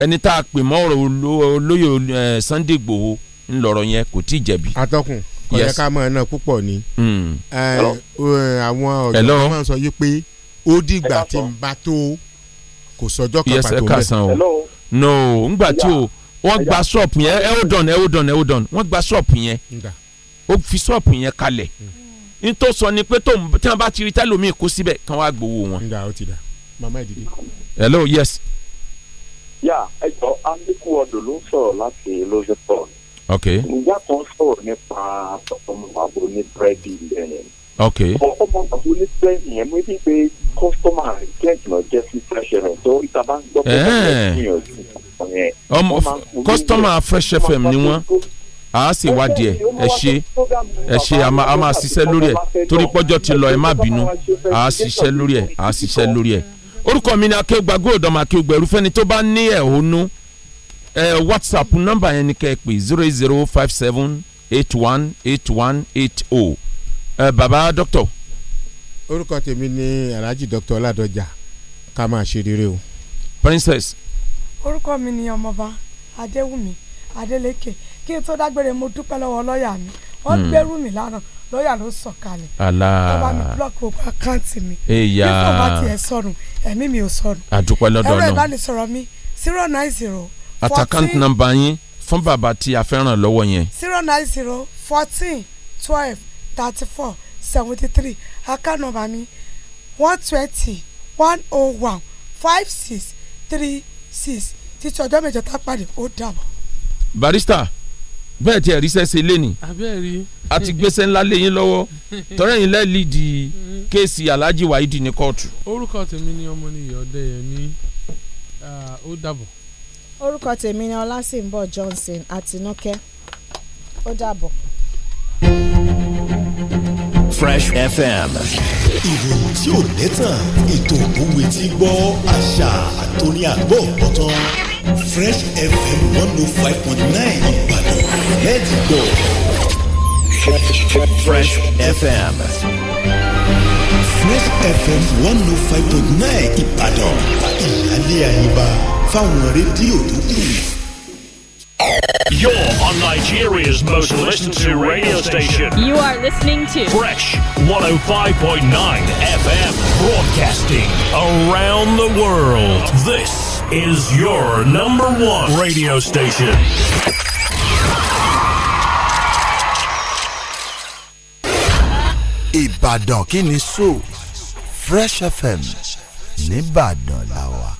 ẹni tá a pè mọ́ ọ̀rọ̀ olóyè Sunday Igboho ńlọrọ yẹn kò tí ì jẹ̀bi. atọ́kùn kọ̀yẹ́ ká mọ̀ ẹ́ náà púpọ̀ ni hmm. àwọn ọ̀jọ̀ máa ń sọ yí pé ó dìgbà tí n bá tó kò sọjọ́ kan pàtó bẹ́ẹ̀. no ngbà tí o wọ́n gba ṣọ́ọ̀pù yẹn ẹ ó dọ̀n ẹ ó dọ̀n ẹ ó dọ̀n wọ́n gba ṣọ́ọ̀pù yẹn ó fi ṣọ́ọ̀pù yẹn kalẹ̀ hmm. n tó sọ ni pé tí wọ́n bá ti rí tẹ́lómi kó síbẹ̀ kí wọ́n á gbowó wọn. hello yes yà ẹ jọ amiku ọdọ ló ń sọ̀rọ̀ láti lóṣù pọ. ok ìyá kan sọ̀rọ̀ nípa ọmọ bàbá ní búrẹ́dì lẹ́yìn. ok ọmọ bàbá ní búrẹ́dì yẹn mo ní pé kọ́sítọ́mà kẹ́ẹ̀kì náà jẹ́ sí fresh fm tó ìta bá ń gbọ́ pé kẹ́ẹ̀kì yẹn ò sí ọmọ kọ́sítọ́mà fresh fm ni wọ́n a sì wádìí ẹ ẹ ṣe ẹ ṣe a máa ṣiṣẹ́ lórí ẹ torí pọ́jọ́ ti lọ ẹ má bínú a ṣiṣẹ́ lórí ẹ a ṣiṣẹ́ lórí ẹ. orúkọ mi ni akéwàgbà gold ọmọ akéwàgbà irúfẹ́ni tó bá ní ẹ̀hónú ẹ̀ whatsapp nọmba yẹn ni kẹ́ ẹ pè zero eight zero five seven eight one eight one eight o. ẹ baba doctor. orúkọ tèmi ni alhaji doctor ọládọjà ká máa ṣe rere o. princess. orúkọ mi ni ọmọọba adéwùmí adélèké kí n tó dágbére mo dúpẹ́ lọ́wọ́ lọ́ọ̀yà mi wọ́n hmm. gbẹ́rù mi lánàá lọ́ọ̀yà ló sọ̀kalẹ̀ ọba mi blọọkì gbogbo àkáǹtì mi bí kò bá tiẹ̀ sọnù ẹ̀mí mi ò sọnù ẹ̀rọ ìbánisọ̀rọ̀ mi zero nine zero fourteen at account number yín fún bàbá tí a fẹ́ràn lọ́wọ́ yẹn. zero nine zero fourteen twelve thirty four seventy three account number mi one twenty one oh one five six three six títí ọjọ́ mẹ́jọ tá a pàdé ó dàbọ̀. barista bẹ́ẹ̀ tí ẹ̀ ríṣẹ́ ṣe lé ní àti gbèsè ńlá lé yín lọ́wọ́ tọ́rẹ́ yín lẹ́ẹ̀lì di kéèsì Alhaji Waheed ní kóòtù. orúkọ tèmi ni Ọmọníyì Ọdẹyẹmí ah, ó dàbọ̀. orúkọ tèmi ni Ọlásìnbọ̀ Johnson Àtinúkẹ́ ó dàbọ̀. Fresh FM ìròyìn tí ò lẹ́tàn ètò òwe tí gbọ́ àṣà àtòní àgbọ̀ ọ̀pọ̀ tán Fresh FM 105.9 Ibadan. Let's go. Fresh FM. Fresh FM 105.9 Ibadan. Ìyáálé àyíbá fáwọn rédíò tó kù. You're on Nigeria's most listened to radio station. You are listening to Fresh 105.9 FM broadcasting around the world. This is your number one radio station. Ìbàdàn kí ni so Fresh FM nìbàdàn làwà.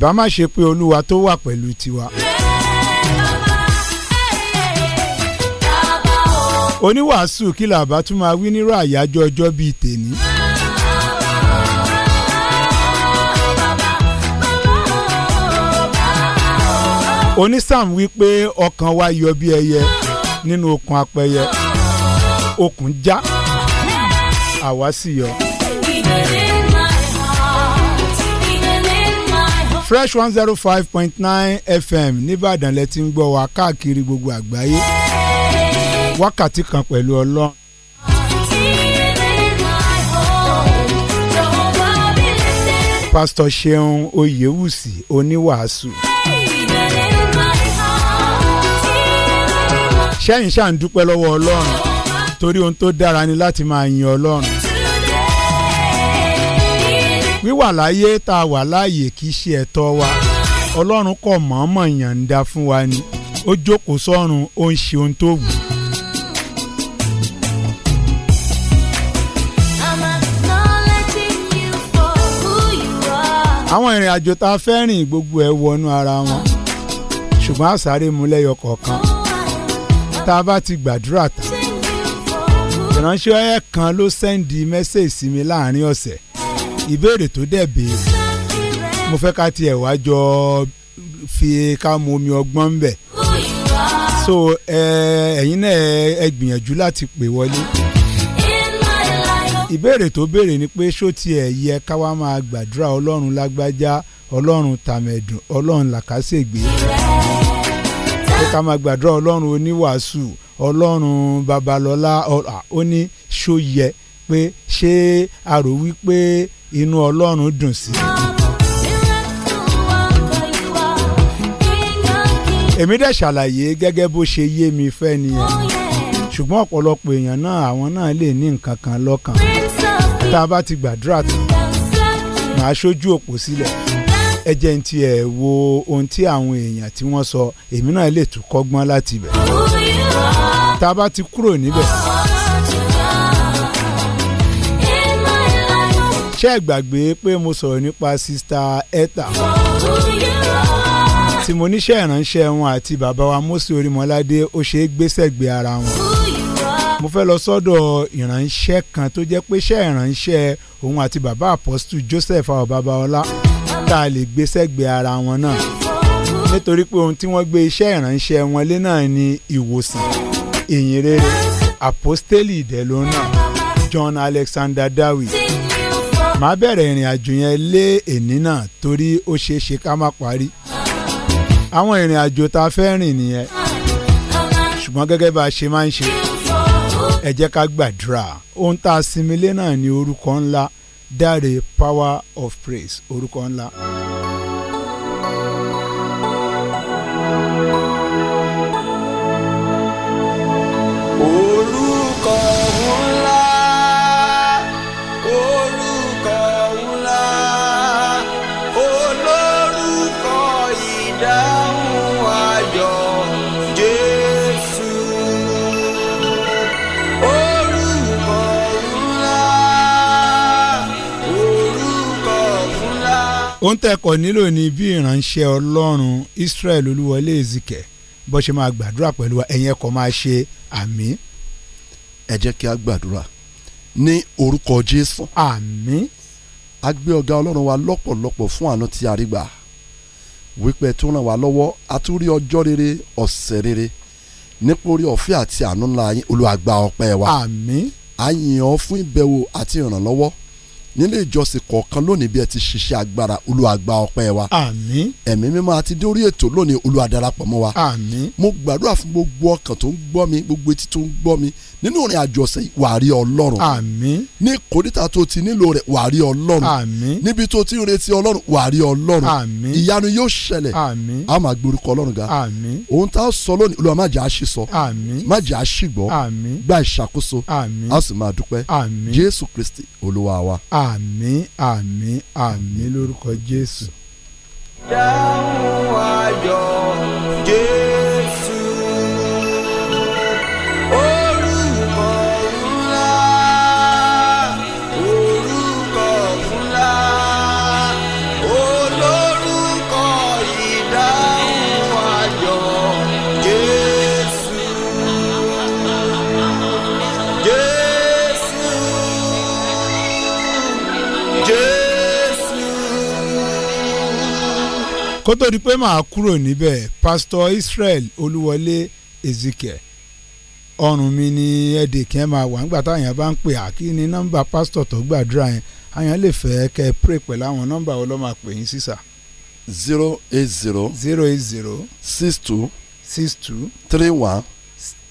ìbá má ṣe pé olúwa tó wà pẹ̀lú tiwa. oníwàásù kìlà bá tún máa wí nírọ̀ àyájọ́ ọjọ́ bíi tèmi. onísàm wí ọkàn wa yọ bí ẹyẹ nínú okùn apẹyẹ okùn já àwa sì yọ. fresh one zero oh five point nine fm nìbàdàn lẹ ti ń gbọ́ wa káàkiri gbogbo àgbáyé wákàtí kan pẹ̀lú ọlọ́run. pásítọ̀ ṣeun oyèwùsì oníwàásù. sẹ́yìn ṣáà ń dúpẹ́ lọ́wọ́ ọlọ́run torí ohun tó dára ni láti máa yin ọlọ́run wíwà láyé tá a wà láàyè kì í ṣe ẹ̀tọ́ wa ọlọ́run kọ̀ mọ̀ọ́mọ̀ yàǹda fún wa ni ó jókòó sọ́run ó ń ṣe ohun tó wù àwọn ìrìn àjò tá a fẹ́ rìn gbogbo ẹ̀ wọnú ara wọn ṣùgbọ́n àsáré mu lẹ́yọ kọ̀ọ̀kan tá a bá ti gbàdúrà tán ìránṣẹ́ kan ló sẹ́ndí mẹ́sẹ̀ẹ̀sì mi láàrin ọ̀sẹ̀ ìbéèrè tó dẹ̀ béèrè mo fẹ́ ká tiẹ̀ wá jọ fi ká mu omi ọgbọ́n ń bẹ̀ so ẹ̀yin náà ẹ gbìyànjú láti pè wọlé ìbéèrè tó béèrè ni pé ṣó tiẹ̀ yẹ ká wá máa gbàdúrà ọlọ́run lágbájá ọlọ́run tàmẹ̀dùn ọlọ́run làkàṣègbè pé ká máa gbàdúrà ọlọ́run oníwàásù ọlọ́run babalọ́lá ó ní ṣó yẹ pé ṣé àrò wípé inú Ọlọ́run dùn sí. èmi dẹ̀ ṣàlàyé gẹ́gẹ́ bó ṣe yé mi fẹ́ nìyẹn ṣùgbọ́n ọ̀pọ̀lọpọ̀ èèyàn náà àwọn náà lè ní nǹkan kan lọ́kàn tá a bá ti gbàdúrà tán màá ṣojú òpó sílẹ̀ ẹ jẹ́ tiẹ̀ wo ohun tí àwọn èèyàn tí wọ́n sọ èmi náà lè tún kọ́gbọ́n láti bẹ̀ tá a bá ti kúrò níbẹ̀. ṣe gbàgbé pé mo sọ̀rọ̀ nípa sista Etta tí mo níṣẹ́ ìránṣẹ́ wọn àti bàbá wa Mósè Orímọládé ó ṣe é gbésẹ̀gbé ara wọn mo fẹ́ lọ sọ́dọ̀ ìránṣẹ́ kan tó jẹ́ pé ṣẹ́ ìránṣẹ́ òun àti bàbá àpọ́sítù Joseph àwọn babaọlá tá a lè gbésẹ̀gbé ara wọn náà nítorí pé ohun tí wọ́n gbé iṣẹ́ ìránṣẹ́ wọn lé náà ni ìwòsàn ìyìnrere àpọ́stélì ìdẹ́lónà John Alexander Dawie màá bẹ̀rẹ̀ ìrìn àjò yẹn lé èní náà torí ó ṣeé ṣe ká má parí àwọn ìrìn àjò tá a fẹ́ rìn nìyẹn ṣùgbọ́n gẹ́gẹ́ bá a ṣe máa ń ṣe ẹ jẹ́ ká gbàdúrà ohun tá a sinmi lé náà ní orúkọ ńlá dáre power of praise orúkọ ńlá. ohun tẹ́kọ̀ nílò ni bí ìránṣẹ́ ọlọ́run Israel olúwọlé ezike bó ṣe máa gbàdúrà pẹ̀lú wa ẹ̀yin ẹ̀kọ́ máa ṣe àmín. ẹ jẹ́ kí a gbàdúrà ní orúkọ Jésù. àmín. a gbé ọ̀gá ọlọ́run wa lọ́pọ̀lọpọ̀ fún àánú tí a rí gbà wípé tó ràn wá lọ́wọ́ a tún rí ọjọ́ rere ọ̀sẹ̀ rere nípa ọ̀fẹ́ àti àánú ńlá yín Olúwa wa. àmín. a yìn ọ́ fún ìbẹ̀wò àti ìrànlọ́wọ́ nílé ìjọsìn kọ̀ọ̀kan lónìí bí ẹ ti ṣiṣẹ́ agbára olúwa ọpẹ́ wa. àmín. ẹ̀mí mímọ́ àti dórí ètò lónìí olúwa darapọ̀ mọ́ wa. àmín. mo gbàdúrà fún gbogbo ọkàn tó ń gbọ́ mi gbogbo etí tó ń gbọ́ mi nínú ìrìn àjò ọ̀sẹ̀ yìí wàá rí ọlọ́run àmín ní kòríta tó ti nílò rẹ̀ wàá rí ọlọ́run níbi tó ti ń retí ọlọ́run wàá rí ọlọ́run àmín ìyanu yóò ṣẹlẹ̀ àmín a máa gborúkọ ọlọ́run ga àmín ohun tá a sọ lónìí olúwa má jẹ́ àṣì sọ àmín má jẹ́ àṣì gba ìṣàkóso a sì máa dúpẹ́ jésù kristi olúwa wa. àmín àmín àmín lórúkọ jésù. dáhùn ayọ̀ jésù. kó tó di pé màá kúrò níbẹ̀ pásítọ̀ Israel Olúwọlé Ezekiel ọrùn mi ni ẹ̀dẹ̀ kí ẹ máa wà nígbà táyàn bá ń pè àkí ni nọ́mbà pásítọ̀ tó gbàdúrà yẹn àyàn lè fẹ́ kẹ́ ẹ pray pẹ̀lú àwọn nọ́mbà wo ló máa yín sísà. zero eight zero. zero eight zero. six two. six two. three one.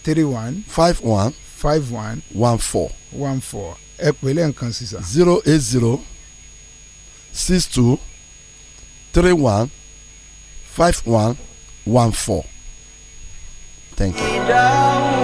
three one. five one. five one. one four. one four ẹ pè lẹ́ǹkan sísà. zero eight zero. six two. three one. 5114. Thank you.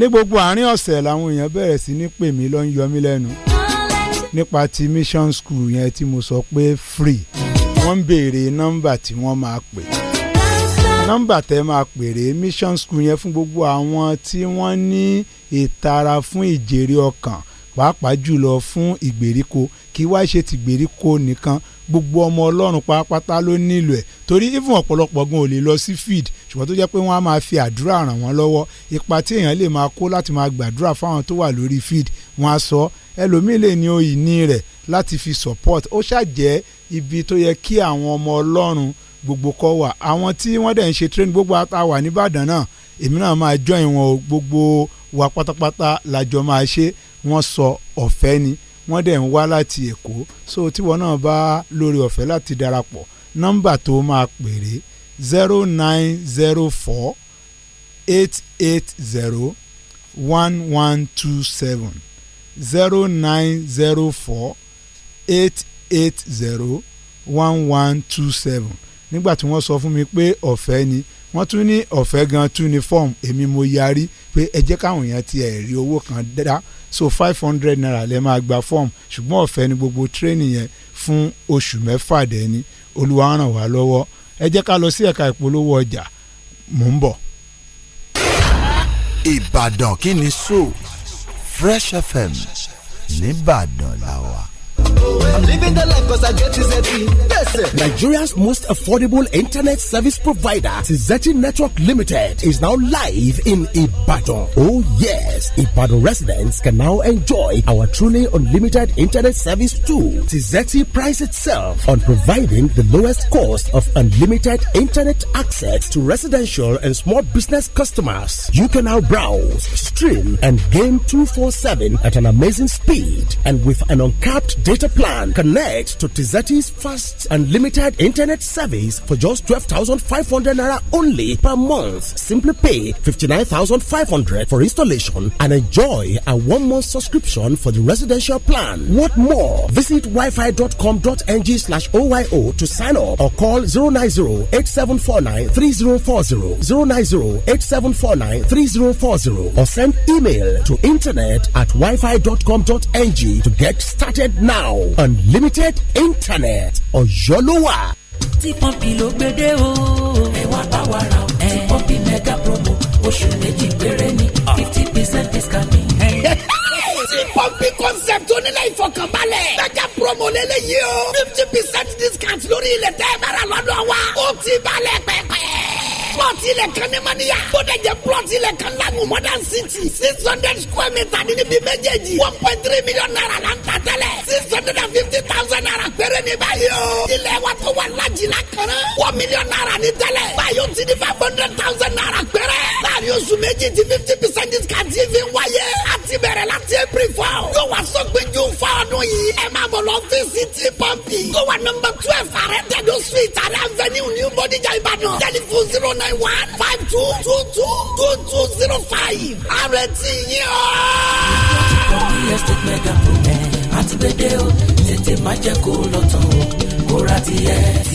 ní gbogbo àárín ọ̀sẹ̀ làwọn èèyàn bẹ̀rẹ̀ sí ní pè mí ló ń yọ mí lẹ́nu nípa ti mission school yẹn tí mo sọ pé free wọ́n ń béèrè nọ́mbà tí wọ́n máa pè nọ́mbà tẹ́ máa pèrè mission school yẹn fún gbogbo àwọn tí wọ́n ní ìtara fún ìjèrè ọkàn pàápàá jùlọ fún ìgbèríko kí wá ṣe ti ìgbèríko nìkan gbogbo ọmọ ọlọ́run pátápátá ló nílò ẹ̀ torí even ọ̀pọ̀lọpọ̀ gan ò lè lọ sí field ṣùgbọ́n tó jẹ́ pé wọ́n á máa fi àdúrà ràn wọ́n lọ́wọ́ ipa tí èèyàn lè máa kó láti máa gbàdúrà fáwọn tó wà lórí field wọ́n á sọ ẹlòmíì lè ní ìní rẹ̀ láti fi support ó ṣàjẹ́ ibi tó yẹ kí àwọn ọmọ ọlọ́run gbogbo kọ́ wà àwọn tí wọ́n dẹ̀ ń ṣe training gbogbo àtàwà nìbàdàn náà èmi náà máa join wọn gbogbo wa pátápátá làjọ máa ṣe wọ́n sọ ọ̀fẹ́ ni wọ́n dẹ̀ ń wá láti èkó so tíwọ́ náà bá lórí ọ̀fẹ́ láti darapọ̀ nọ́mbà tó máa pèrè zero nine zero four eight eight zero one one two seven zero nine zero four eight eight zero one one two seven nígbà tí wọ́n sọ fún mi pé ọ̀fẹ́ ni wọ́n tún ní ọ̀fẹ́ gan tún ní fọ́ọ̀mù èmi mo yarí pé ẹ jẹ́ káwọn èèyàn tiẹ̀ rí owó kan dá so five hundred naira lẹ máa gba form ṣùgbọ́n ọ̀fẹ́ ni gbogbo training yẹn fún oṣù mẹ́fà dẹ́ni olúwa ràn wá lọ́wọ́ ẹ jẹ́ ká lọ sí ẹ̀ka ìpolówó ọjà mò ń bọ̀. ìbàdàn kí ni so Fresh FM nìbàdàn làwà. I'm living the life cause I get Nigeria's most affordable internet service provider, Tizeti Network Limited, is now live in Ibadan. Oh yes, Ibadan residents can now enjoy our truly unlimited internet service too. Tizeti prides itself on providing the lowest cost of unlimited internet access to residential and small business customers. You can now browse, stream, and game 247 at an amazing speed and with an uncapped data plan. Connect to Tizeti's fast and limited internet service for just 12,500 naira only per month. Simply pay 59,500 for installation and enjoy a one month subscription for the residential plan. What more? Visit wifi.com.ng slash OYO to sign up or call 090 8749 3040 090 8749 3040 or send email to internet at wifi.com.ng to get started now unlimited internet ọ̀yọ́ ló wà. tí pọ́ǹpì ló gbé dé o. ẹ wá bá wa ra o tí pọ́ǹpì mega promo oṣù méjì péré ni fifty percent discount ti pọ́ǹpì concept onílé ìfọkànbalẹ̀. Mẹ́jà promo lélẹ́yìí o. fifty percent discount lórí ilẹ̀ tẹ́ bára lọ́dọ̀ wa. ó ti balẹ̀ pẹ́pẹ́. plọ̀tì ilẹ̀ kan ní Mọ́níyà. Bódèjẹ plọ̀tì ilẹ̀ kan lánàá Modern City. Six hundred square meter ní níbi méjèèjì. One point three million naira la ń ta tẹ́lẹ̀. Six hundred and fifty thousand naira péré ní báyìí o. Ilẹ̀ wa tó wà lájìlá kan. One million naira ní tẹ́lẹ̀. Báyìí o ti di five hundred thousand naira péré. Láàrin oṣù méjì ti fifty percent discount yìí fi wáyé. A ti bẹ̀rẹ̀ láti April four. Yóò wá sọ́gbẹ́ ju fún ọdún yìí. Ẹ máa bọ̀ lọ ọ́fíìsì ti pọ́ǹpì. Yóò wá nọmba twelve àrẹ tẹ̀dọ̀ suwit àrẹ avenue New Bodijà Ìbàdàn. Tẹlifù zero nine nine one five two two two two two zero five. àrètí yín o. àti gbèdé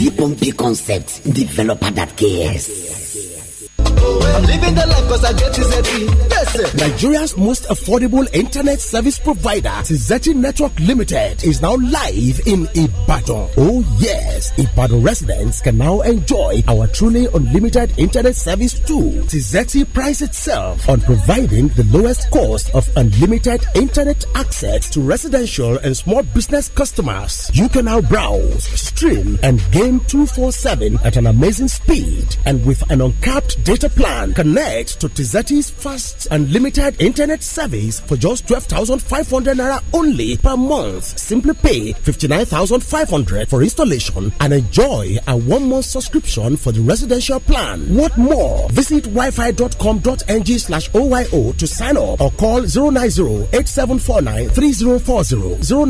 o concept developer that cares. I'm living the life cause I get Nigeria's most affordable internet service provider, Tizeti Network Limited, is now live in Ibadan. Oh yes, Ibadan residents can now enjoy our truly unlimited internet service too. Tizeti prides itself on providing the lowest cost of unlimited internet access to residential and small business customers. You can now browse, stream, and game 247 at an amazing speed and with an uncapped data data plan. Connect to Tizeti's fast and limited internet service for just 12,500 naira only per month. Simply pay 59,500 for installation and enjoy a one month subscription for the residential plan. What more? Visit wifi.com.ng slash OYO to sign up or call 090 8749 3040 090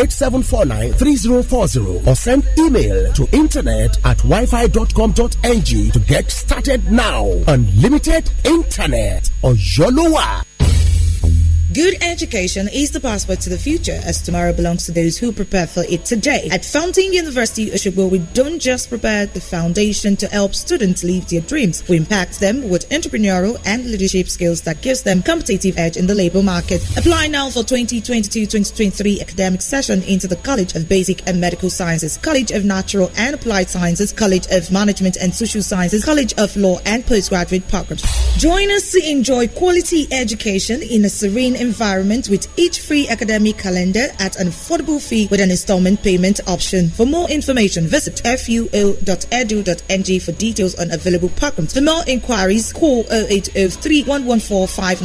8749 3040 or send email to internet at wifi.com.ng to get started now now unlimited internet ọ̀yọ́ ló wà. Good education is the passport to the future, as tomorrow belongs to those who prepare for it today. At Fountain University Oshogbo, we don't just prepare the foundation to help students live their dreams. We impact them with entrepreneurial and leadership skills that gives them competitive edge in the labor market. Apply now for 2022-2023 academic session into the College of Basic and Medical Sciences, College of Natural and Applied Sciences, College of Management and Social Sciences, College of Law and postgraduate programs. Join us to enjoy quality education in a serene environment with each free academic calendar at an affordable fee with an installment payment option. For more information, visit fuo.edu.ng for details on available programs. For more inquiries, call 0803 115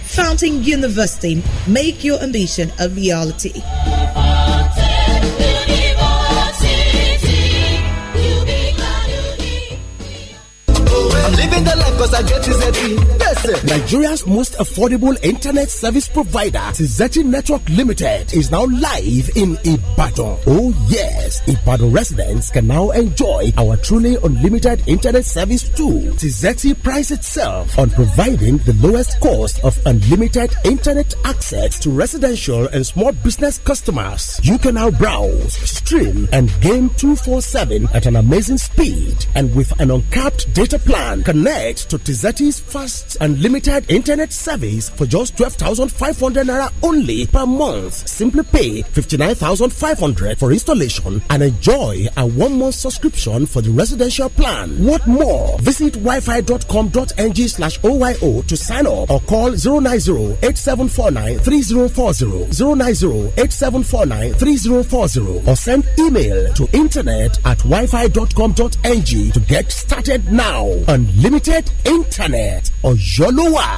Fountain University, make your ambition a reality. cause I get Nigeria's most affordable internet service provider, Tizeti Network Limited, is now live in Ibadan. Oh yes, Ibadan residents can now enjoy our truly unlimited internet service too. Tizeti prides itself on providing the lowest cost of unlimited internet access to residential and small business customers. You can now browse, stream, and game 247 at an amazing speed and with an uncapped data plan. Connect to Tizeti's fast and limited internet service for just 12,500 naira only per month. Simply pay 59,500 for installation and enjoy a one month subscription for the residential plan. What more? Visit wifi.com.ng slash OYO to sign up or call 090 8749 3040 090 8749 3040 or send email to internet at wifi.com.ng to get started now. Unlimited internet ọ̀yọ́ ló wà.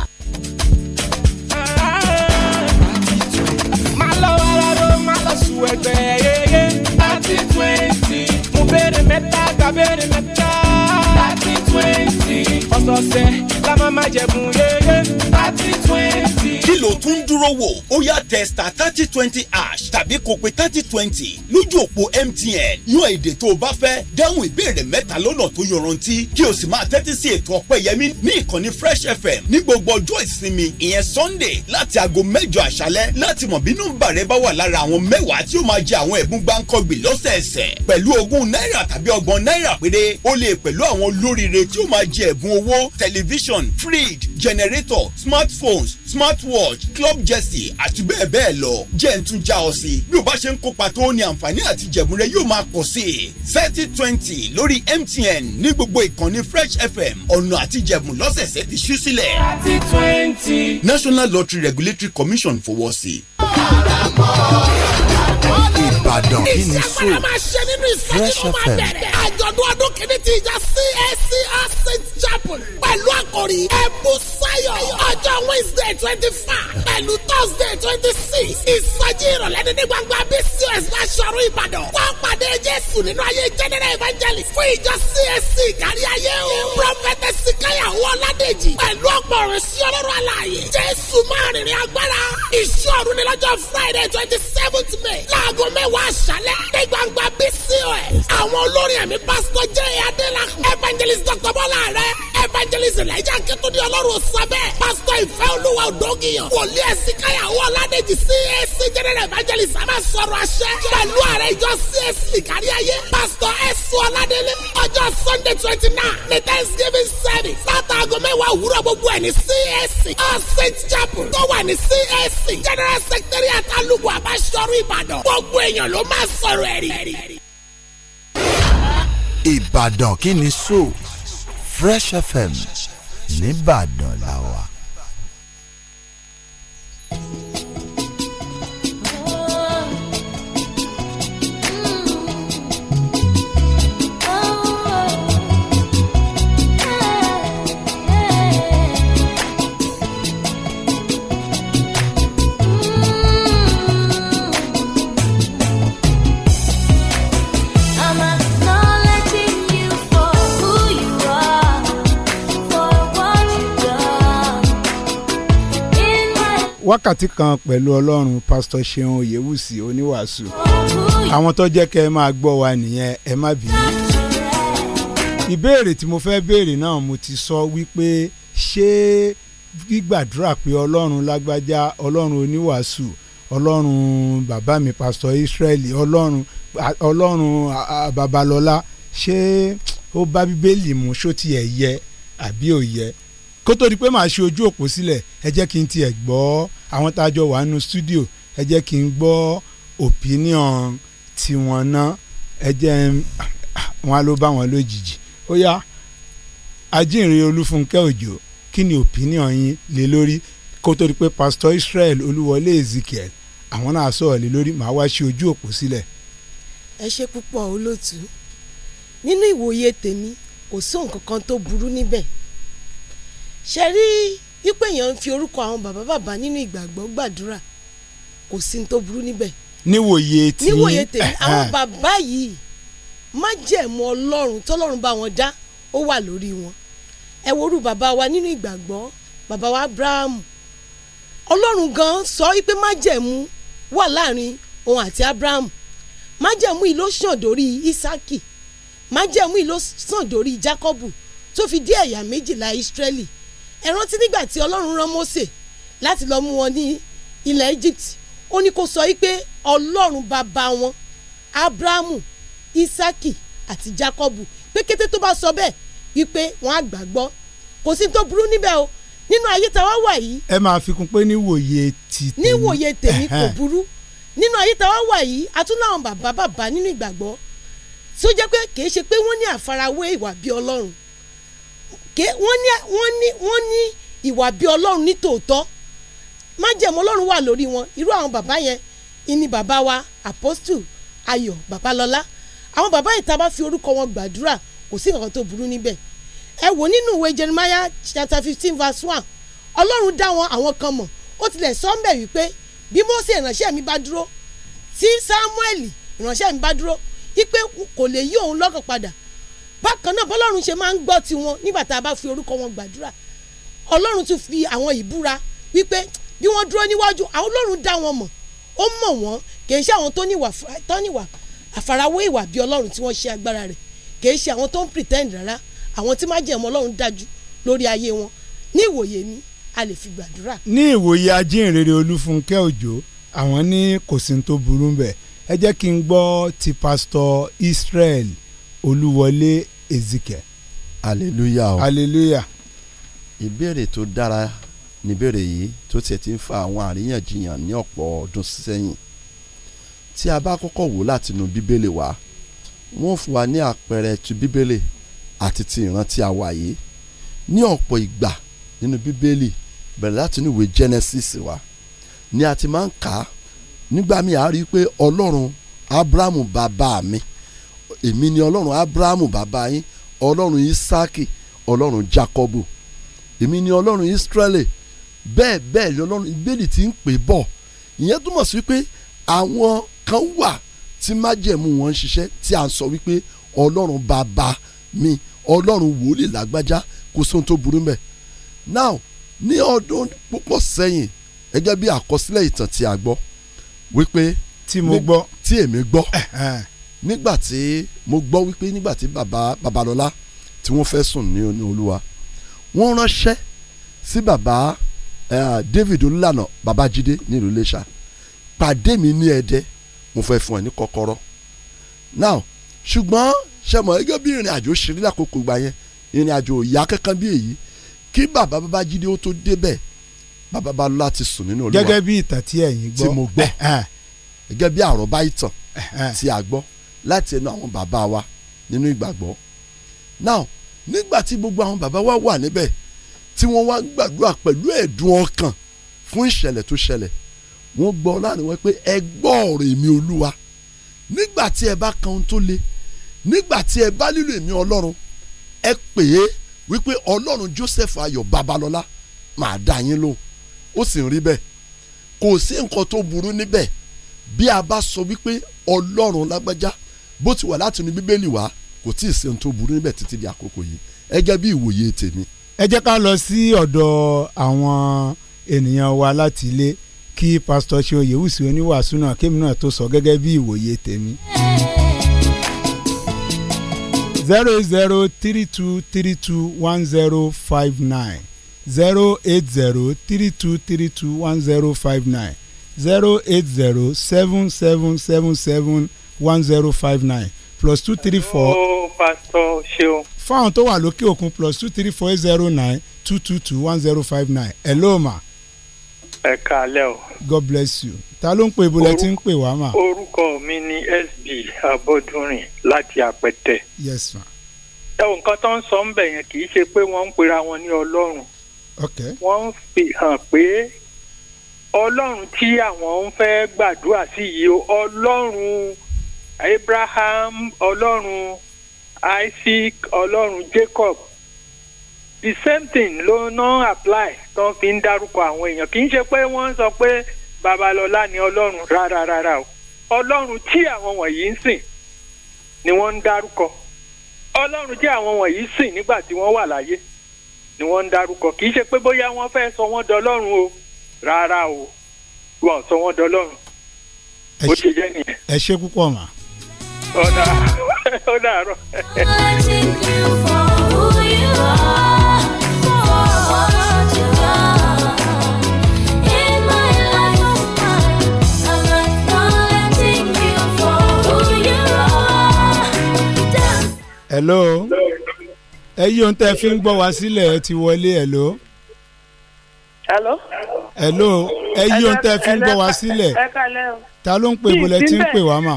máa lọ wàrà ló máa lọ sùn ẹgbẹ́ yeye thirty twenty mo béèrè mẹ́ta gba béèrè mẹ́ta thirty twenty ọ̀sọ̀ọ̀sẹ̀ la máa máa jẹ̀bùn yeye. thirty twenty. kí ló tún dúró wò ó yá testa thirty twenty ash tàbí kó pe thirty twenty lójú òpó mtn yan èdè tó o bá fẹ́ dáhùn ìbéèrè mẹ́ta lọ́nà tó yọrantí kí o sì máa tẹ́tí sí ètò ọpẹ́yẹmí ní ìkànnì fresh fm ní gbogbo ọjọ́ ìsinmi ìyẹn sunday láti aago mẹ́jọ àṣálẹ́ láti mọ̀ bí nọ́mbà rẹ bá wà lára àwọn mẹ́wàá tí ó máa jẹ àwọn ẹ̀bùn gbáǹkọ́gbìn lọ́sẹ̀ẹsẹ̀ pẹ̀lú ogún náírà tàbí ọgbọ̀n náírà péré ó lè pẹ̀lú àwọn olóríire tí ó máa jẹ ẹ̀bùn owó tẹlifíṣàn fridge generator smart smartphones smartwatch club jersey àti bẹ́ẹ̀ bẹ́ẹ̀ lọ jẹ́ ń tún já ọ sí bí o bá ṣe ń kópa tó ní àǹfààní àti jẹ̀bùn rẹ yóò máa pọ̀ sí i thirty twenty lórí MTN ní gbogbo ìkànnì Fresh FM ọ̀nà àti jẹ̀bùn lọ́sẹ̀ẹ̀sẹ̀ ti ṣú sílẹ̀. thirty twenty National Lottery Regulatory Commission fowọ́ sí i. Ìbàdàn kí ni so Fresh FM. àjọ̀dún ọdún kìíní ti ìjà CACR St. Chapel pẹ̀lú àkòrí ẹ̀bùn sáyọ̀ ọjọ́ Wednesday twenty five pẹ̀lú Thursday twenty six ìsọjí ìrọ̀lẹ́ ní ní gbangba BCOS bá ṣọrú Ìbàdàn wọ́n pàdé Jésù nínú ayé general evangelist fún ìjọ CAC kárí ayé o ẹ̀sìnkáyà wọ́n ládèjì pẹ̀lú ọ̀pọ̀ ọ̀rọ̀ sí ọlọ́run àlàyé jésù máa rìnrìn agbára ìṣú ọ̀run ní lọ́jọ́ friday twenty seventh may láago mẹ́wàá àṣálẹ́ ní gbangba bcos àwọn olórin ẹ̀mí pásítọ̀ jẹ́ adéla evangelist elijah akétúndé ọlọ́run sábẹ́ pásítọ̀ ìfẹ́ olúwa òdògìyàn wòlíì ẹ̀sìn káyàwó ọ̀làdẹ́jì cac general evangelist àmà sọ̀rọ̀ àṣẹ pẹ̀lú ààrẹ ìjọ cac kárí ayé pásítọ̀ ẹ̀sùn ọ̀làdẹ́lẹ̀ ọjọ́ sunday twenty nine ní thanksgiving service látàgọ́ mẹ́wàá òwúrọ̀ gbogbo ẹ̀ ní cac all saint chapel tó wà ní cac ìbàdàn kí ni so Fresh FM nìbàdàn làwà. thank you wákàtí kan pẹ̀lú ọlọ́run pásítọ̀ ṣeun oyèwùsì oníwàásù àwọn tó jẹ́ kẹ́ ẹ máa gbọ́ wa nìyẹn ẹ má bínú. ìbéèrè tí mo fẹ́ béèrè náà mo ti sọ wípé ṣé gbígbàdúrà pé ọlọ́run lágbájá ọlọ́run oníwàásù ọlọ́run bàbá mi pásítọ̀ Israẹli ọlọ́run ọlọ́run Babalọ́lá ṣé ó bá bíbélì mu ṣó tiẹ̀ yẹ àbí ò yẹ kó tó di pé màá ṣe ojú òpó sílẹ̀ ẹ jẹ́ kí n tiẹ̀ gbọ́ àwọn tá a jọ wà nínú studio ẹ jẹ́ kí n gbọ́ opinion tiwọn náà ẹ jẹ́ wọn ló bá wọn lójijì ó yá ajínrere olúfúnkẹ́ òjò kí ni opinion yín lé lórí kó tó di pé pastor Israel olúwọlé Ezekiel àwọn náà sọ̀rọ̀ lé lórí màá wá ṣe ojú òpó sílẹ̀. ẹ ṣe púpọ̀ olóòtú nínú ìwòye tèmi kò sí nǹkan tó burú níbẹ̀ ṣe rí wípé èèyàn ń fi orúkọ àwọn bàbá bàbá nínú ìgbàgbọ́ gbàdúrà kò sí ní tó burú níbẹ̀. níwòye tí níwòye tèmi àwọn bàbá yìí májẹ̀mú ọlọ́run tọ́lọ́run bá wọn dá ó wà lórí wọn ẹ worú bàbá wa nínú ìgbàgbọ́ bàbá wa abrahamu ọlọ́run gan sọ wípé májẹ̀mú wà láàrin òun àti abrahamu májẹ̀mú yìí ló sàn dórí isaki májẹ̀mú yìí ló sàn dórí jacobu tó fi dé ẹ̀yà méjìlá israeli ẹ rántí nígbà tí ọlọ́run rán Mósè láti lọ mú wọn ní ilẹ̀ Egypt ó ní kó sọ yìí pé ọlọ́run bàbá wọn Abrahamu Isaki àti Jacobu pé kété tó bá sọ bẹ́ẹ̀ wípé wọ́n á gbàgbọ́ kò sí tó burú níbẹ̀ o nínú ayé táwa wà yìí. ẹ máa fi kún pé níwòye ti tèmi níwòye tèmi kò burú nínú ayé táwa wà yìí a bàbá bàbá nínú ìgbàgbọ́ tí jẹ́ pé kì í ṣe pé wọ́n ní àfarawé ìwà bíi ọlọ́run ké wọ́n ní wọ́n ní wọ́n ní ìwà bí ọlọ́run ní tòótọ́ májẹ̀mú ọlọ́run wà lórí wọn irú àwọn bàbá yẹn ìní bàbá wa apostle ayọ̀ babalọ́lá àwọn bàbá yìí tá a bá fi orúkọ wọn gbàdúrà kò sí nǹkan tó burú níbẹ̀ ẹ wò nínú ìwé Jeremiah chapter fifteen verse one ọlọ́run dá wọn àwọn kan mọ̀ ó tilẹ̀ sọ ń bẹ̀ wípé bí Mósè ìránṣẹ́ mi bá dúró tí Sámúẹ́lì ìránṣẹ́ mi bá dúró wípé kò lè yí òun lọ́kàn padà bákan náà bọ́lọ́run ṣe máa ń gbọ́ tiwọn nígbà tá a bá fi orúkọ wọn gbàdúrà ọlọ́run tún fi àwọn ìbúra wípé bí wọ́n dúró níwájú àwọn ọlọ́run dá wọn mọ̀ ó mọ̀ wọ́n kì í ṣe àwọn tó níwà àfarawé ìwà bí ọlọ́run tí wọ́n ṣe agbára rẹ̀ kì í ṣe àwọn tó ń pretend rárá àwọn tí májẹ̀mú ọlọ́run dájú lórí ayé wọn ní ìwòye mi a lè fi gbàdúrà. ní ìwòye ajínrere olúfúnkẹ́ òjò àwọn ní kò sí tó burú ń bẹ̀ ẹ jẹ́ kí n gbọ́ ti pásítọ̀ Israel olúwọlé Ezekiel. hallelujah o hallelujah. ìbéèrè tó dára níbèrè yìí tó tiẹ̀ ti ń fa àwọn àríyànjiyàn ní ọ̀pọ̀ ọdún sẹ́yìn tí a bá kọ́kọ́ wò látinú bíbélì wa wọ́n fún wa ní àpẹẹrẹ ti bíbélì àti ti ìran tí a yìí ní ọ̀pọ̀ ìgbà nínú bíbélì bẹ̀rẹ̀ látinú ìwé Genesis wa ni a ti máa ń kà á nígbà míì a rí i pé Ọlọ́run Abrahamu bàbá mi èmi ni ọlọ́run abrahamu bàbá yín ọlọ́run isaki ọlọ́run jacobu èmi ni ọlọ́run israeli bẹ́ẹ̀ bẹ́ẹ̀ ni ọlọ́run ìgbélì ti ń pè bọ̀ ìyẹn túmọ̀ sí pé àwọn kan wà tí májẹ̀mú wọn ń ṣiṣẹ́ tí a sọ wípé ọlọ́run bàbá mi ọlọ́run wòlíì lágbájá kò sóhun tó burú mẹ́ now ní ọdún púpọ̀ sẹ́yìn gẹ́gẹ́ bí àkọsílẹ̀ ìtàn tí a gbọ́ wípé tí mo gbọ́ tí èmi gbọ́ nígbà tí mo gbọ́ wípé nígbà baba bàbá Babalọ́lá tí wọ́n fẹ́ sùn ní oní olúwa wọ́n ránṣẹ́ sí bàbá David Olúlànà Babájídé nílùú Iléṣà pàdé mi ní Ẹdẹ mo fẹ́ fún ẹ ní kọ́kọ́rọ́ now ṣùgbọ́n ṣe mọ̀ gẹ́gẹ́ bí ìrìn àjò ṣe rí lákòókò ìgbà yẹn ìrìn àjò ìyá kankan bí èyí kí bàbá Babájídé ó tó débẹ̀ bàbá Babalọ́lá ti sùn nínú olúwa gẹ́gẹ́ bí ìtàn tí ẹ̀yin gbọ́ tí mo gbọ́ eh, eh. gẹ́gẹ́ bí àròbá ìtàn eh, tí a gbọ́ láti ẹnu àwọn bàbá wa nínú ìgbàgbọ́ now nígbà tí gbogbo àwọn bàbá wa wà níbẹ̀ tí wọ́n wá gbàdúrà pẹ̀lú ẹ̀dùn ọkàn fún ìṣẹ̀lẹ̀ tó ṣẹlẹ̀ wọ́n gbọ́ láàrin wọn pé ẹ gbọ́ ọ̀rọ̀ èmi olúwa nígbà tí ẹ bá kan tó le nígbà tí ẹ bá lílo èmi ọlọ́run ẹ pè é wípé ọlọ́run Joseph Ayọ̀ Babalọ́lá màá dá yín lò ó sì ń rí bẹ́ẹ̀ kò sí nǹkan tó burú níbẹ̀ bí a bá sọ wípé ọlọ́run lágbájá bó ti wà látinú bíbélì wá kò tí ì ṣe ohun tó burú níbẹ̀ títí di àkókò yìí ẹ jẹ́ bí ìwòye tèmi. ẹ jẹ́ ká lọ sí ọ̀dọ̀ àwọn ènìyàn wa láti ilé kí pásítọ̀ ṣe oyèwùsì oníwàásù náà kémi náà tó sọ gẹ́gẹ́ bí ìwòye tèmi. zero zero three two three two one zero five nine zero eight zero three two three two one zero five nine zero eight zero seven seven seven seven one zero five nine plus two three four. ooo pastor ṣeun. fáwọn tó wà lókè òkun plus two three four eight zero nine two two two one zero five nine hello ma. ẹ káalẹ́ o. god bless you ta ló ń pè ibùdó tí ń pè wá mà. orúkọ mi ni sb abọ́dúnrin láti àpẹtẹ. yes ma. ẹ̀wọ̀n nǹkan tó ń sọ ń bẹ̀ yẹn kì í ṣe pé wọ́n ń pera wọn ní ọlọ́run. ok wọ́n fi hàn pé ọlọ́run tí àwọn ń fẹ́ gbàdúrà sí yìí ọlọ́run abraham ọlọ́run isaac ọlọ́run jacob the same thing ló ná apply tó fi ń dárúkọ àwọn èèyàn kì í ṣe pé wọ́n sọ pé babalọ́lá ni ọlọ́run rárá rárá o ọlọ́run tí àwọn wọ̀nyí ń sìn ni wọ́n ń dárúkọ ọlọ́run tí àwọn wọ̀nyí sìn nígbà tí wọ́n wà láyé ni wọ́n ń dárúkọ kì í ṣe pé bóyá wọ́n fẹ́ sọ wọ́n dọlọ́run o rárá o wọ́n sọ wọ́n dọlọ́run ó ti jẹ́ nìyẹn. ẹ ṣe púpọ̀ mà ọ̀dà ọ̀dà àárọ̀. hello ẹ ohun tẹ́ fi ń gbọ́ wá sílẹ̀ ẹ ti wọlé hello. hello. hello ẹ ohun tẹ́ fi ń gbọ́ wá sílẹ̀ ta ló ń pè bọ́lẹ̀ tí ń pè wá mà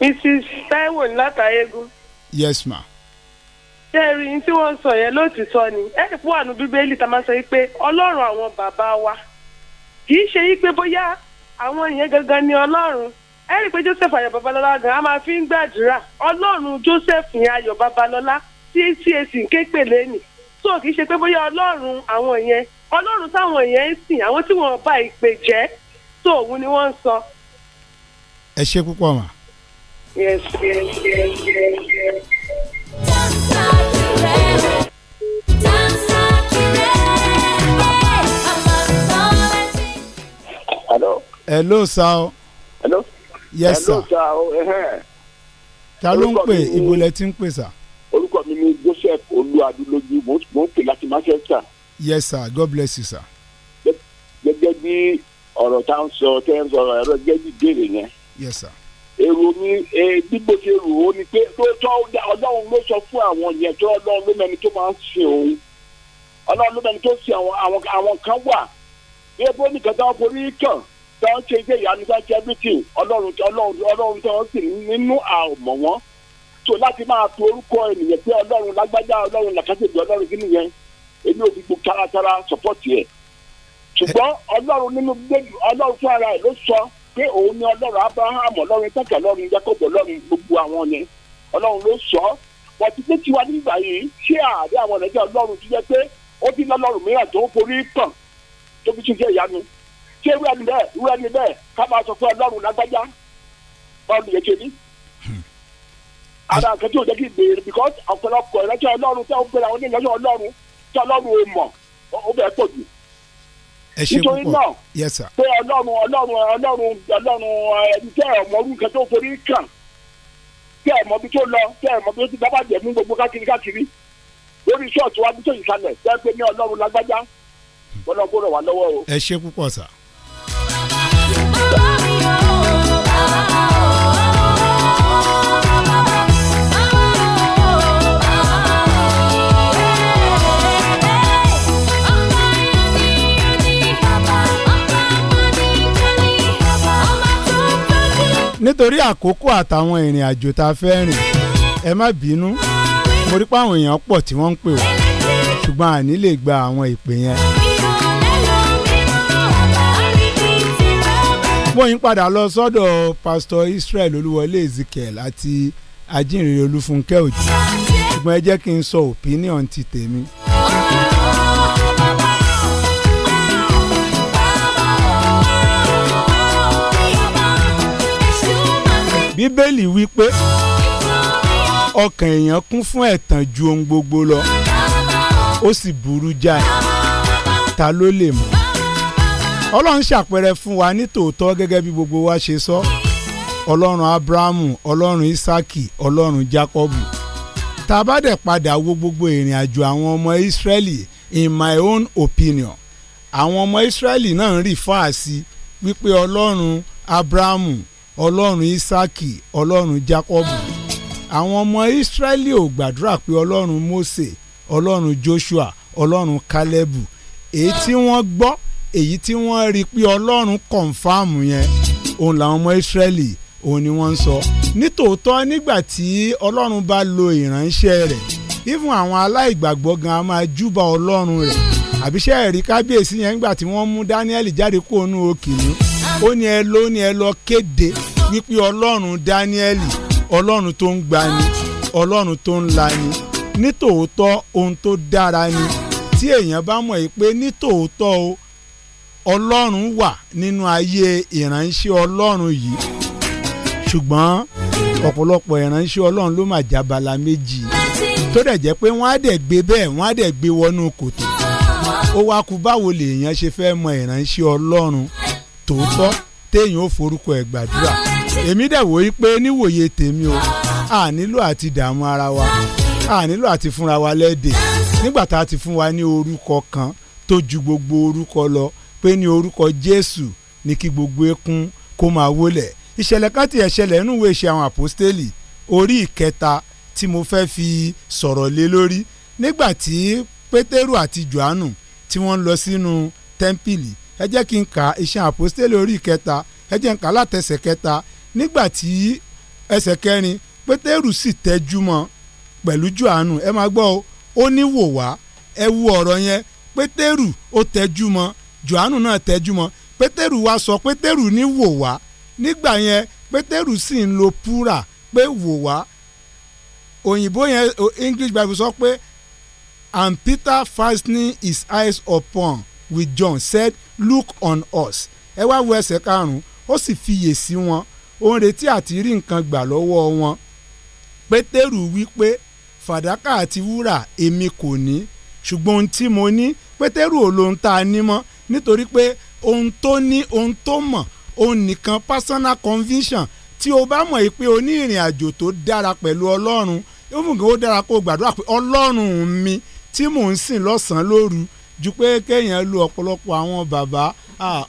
mrs taiwo látàyégún. yes ma. ṣé ẹ rí i tí wọ́n sọ yẹn lótìtọ́ ni ẹ pọ̀ àánú bíbélì tá a máa sọ yìí pé ọlọ́run àwọn bàbá wa kì í ṣe yìí pé bóyá àwọn yẹn gangan ni ọlọ́run ẹ rí i pé joseph ayọ̀ babalọ́lá gan a máa fi ń gbàdúrà ọlọ́run joseph yẹn ayọ̀ babalọ́lá tí cac ń ké pèlè nì so kì í ṣe pé bóyá ọlọ́run àwọn yẹn ọlọ́run táwọn yẹn ń sìn àwọn tí wọ́n bá ìpè jẹ́ so òun ni wọ́n ń sọ. ẹ ṣe púpọ̀ mà. Yes, yes, yes, yes, yes. Dance like you ready. Dance like you ready. Hello. Hello, sir. Hello. Yes, sir. Hello, sir. Oh, eh, eh. Ta ló ń pè ibo lẹ ti ń pè sà? Orúkọ mi ni Joseph Olúwadúlójú, mo ń pè láti Manchester. Yes sir, God bless you sir. Gẹ́gẹ́ bí ọ̀rọ̀ tá à ń sọ tẹ́ ń sọ̀rọ̀ ẹ̀rọ gẹ́gẹ́ bí ìbéèrè yẹn. Yes sir. èrò mi bí bó ṣe rò ó ni pé lóòótọ́ ọlọ́run ló sọ fún àwọn yẹn tó ọlọ́run ló mẹni tó máa ń sin òun ọlọ́run ló mẹni tó sin àwọn àwọn kan wà bí ebó nìkan táwọn forí kàn táwọn ṣe iṣẹ́ ìyanu táwọn ṣe everything ọlọ́run ọlọ́run ọlọ́run nínú àmọ̀ wọn tó láti máa orúkọ ènìyàn pé ọlọ́run lágbájá ọlọ́run ọlọ́run èmi ara ẹ̀ pé òun ni ọlọ́run abraham ọlọ́run tẹ́tẹ́ ọlọ́run jacob ọlọ́run gbogbo àwọn ni ọlọ́run ló sọ wọ́n ti pé tiwa nígbà yìí ṣé ààrẹ àwọn nàìjíríà ọlọ́run ti jẹ́ pé ó bí lọ́lọ́run mìíràn tó ń forí tàn tó fi ṣiṣẹ́ ìyanu ṣé irú ẹni bẹ́ẹ̀ irú ẹni bẹ́ẹ̀ ká máa sọ fún ọlọ́run lágbájá ọlọ́run yẹn ṣe ní. ara nǹkan tí ò jẹ́ kí n béèrè because ọ̀pọ̀lọpọ̀ ìrẹ́jọ́ ọlọ́run tẹ́ ó gbéra wọn ní ìrẹ́jọ́ ọlọ́run tẹ́ ọlọ́run ò ẹ ṣe púpọ̀ nítorí náà pé ọlọ́run ọlọ́run ọlọ́run ọlọ́run ẹni tẹ́ ẹ̀ mọ́rú nǹkan tó forí kàn tẹ́ ẹ̀ mọ́bi tó lọ tẹ́ ẹ̀ mọ́bi tó ti bábà jẹ̀ mú gbogbo káàkiri káàkiri lórí ṣọ́ọ̀tù wa bí tó ìsàlẹ̀ tẹ́ pé ní ọlọ́run lágbájá ọlọ́run rẹ̀ wá lọ́wọ́ o. ẹ ṣe púpọ̀ sà. nítorí àkókò àtàwọn ìrìn àjò tá a fẹ́ rìn ẹ má bínú mo rí pé àwọn èèyàn pọ̀ tí wọ́n ń pè wá ṣùgbọ́n àní lè gba àwọn ìpè yẹn. wọ́n padà lọ sọ́dọ̀ pásítọ̀ Israel Olúwọlé Ezekiel àti ajínrere Olúfúnkẹ́ Òjó ṣùgbọ́n ẹ jẹ́ kí n sọ opinion ti tèmi. bíbélì wí pé ọkàn èèyàn kún fún ẹ̀tàn ju ohun gbogbo lọ ó sì burú jáì ta ló lè mọ̀ ọlọ́run ṣàpẹẹrẹ fún wa nítòótọ́ gẹ́gẹ́ bí gbogbo wa ṣe sọ ọlọ́run abrahamu ọlọ́run isaki ọlọ́run jacobu tá a bá dẹ̀ padà wo gbogbo ìrìn àjò àwọn ọmọ israẹli in my own opinion àwọn ọmọ israẹli náà ń rí fáàsì wípé ọlọ́run abrahamu ọlọ́run isaki ọlọ́run jacob àwọn ọmọ israẹli ò gbàdúrà pé ọlọ́run mose ọlọ́run joshua ọlọ́run caleb èyí tí wọ́n gbọ́ èyí tí wọ́n rí pé ọlọ́run kọ̀ǹfàmù yẹn òun làwọn ọmọ israẹli òun ni wọ́n ń sọ nítòótọ́ nígbà tí ọlọ́run bá lo ìránṣẹ́ rẹ̀ even àwọn aláìgbàgbọ́ gan a máa júbà ọlọ́run rẹ̀ àbíṣẹ́ ẹ̀rí kábíyèsí yẹn nígbà tí wọ́n mú Daniel jáde kó onú òkìní ó ní ẹ ló ní ẹ lọ kéde wípé ọlọ́run Dáníẹ́lì ọlọ́run tó ń gbani ọlọ́run tó ń lani nítòótọ́ ohun tó dára ni tí èèyàn bá mọ̀ pé nítòótọ́ o ọlọ́run wà nínú ayé ìránṣẹ́ ọlọ́run yìí ṣùgbọ́n ọ̀pọ̀lọpọ̀ ìránṣẹ́ ọlọ́run ló mà jábala méjì tó dẹ̀ jẹ́ pé wọ́n á dẹ̀ gbé bẹ́ẹ̀ wọ́n á dẹ̀ gbé wọnú kòtò ó wá kú báwo lèèyàn ṣe fẹ́ mọ ìránṣẹ́ ọlọ́run tòótọ́ téèyàn ó forúkọ ẹ̀ gbàdúrà èmi dẹ̀ wò yí pé níwòye tèmi o a nílò àti dààmú ara wa a nílò àti fúnra wa lẹ́dẹ̀ nígbà tá a ti fún wa ní orúkọ kan tó ju gbogbo orúkọ lọ pé ní orúkọ Jésù ní kí gbogbo ẹkún kó máa wólẹ̀ ìṣẹ̀lẹ̀ kan tiẹ̀ ṣẹlẹ̀ nínú ìwé Iṣẹ́ àwọn àpọ́stélì orí ìkẹta tí mo fẹ́ fi sọ̀rọ̀ lé lórí nígbà tí Pétérù àti Jòhánù tí wọ́n lọ sínú tẹ́ḿpìlì ẹ jẹ́ kí n kà Iṣẹ́ àpọ́stélì orí ìkẹta ẹ jẹ́ n kà látẹsẹ̀ kẹta nígbà tí ẹsẹ̀ kẹrin pétérù sì tẹ́jú mọ́ pẹ̀lú jòhánù ẹ máa gbọ́ o ó ní wò wá ẹ wu ọ̀rọ̀ yẹn pétérù ó tẹ́jú mọ́ jòhánù náà tẹ́jú mọ́ pétérù wá sọ pétérù ní wò wá nígbà yẹn pétérù sì ń lo púrà pé wò wá òyìnbó yẹn English Bible sọ pé and Peter fastening his eyes upon with John said look on us ẹ wá wo ẹsẹ̀ karùn-ún ó sì fiyè sí wọn. Si ó ń retí àti rí nǹkan gbà lọ́wọ́ wọn pétérù wípé fàdákà àti wúrà èmi kò ní ṣùgbọ́n ohun tí mo ní pétérù ò lóhun tá a ni mọ́ nítorí pé ohun tó ní ohun tó mọ̀ òun nìkan personal conviction tí o bá mọ̀ pé o ní ìrìn àjò tó dára pẹ̀lú ọlọ́run ó fún kí ó dára kó o gbàdúrà pé ọlọ́run mi tí mò ń sìn lọ́sàn-án lóru ju pé kéèyàn lu ọ̀pọ̀lọpọ̀ àwọn bàbá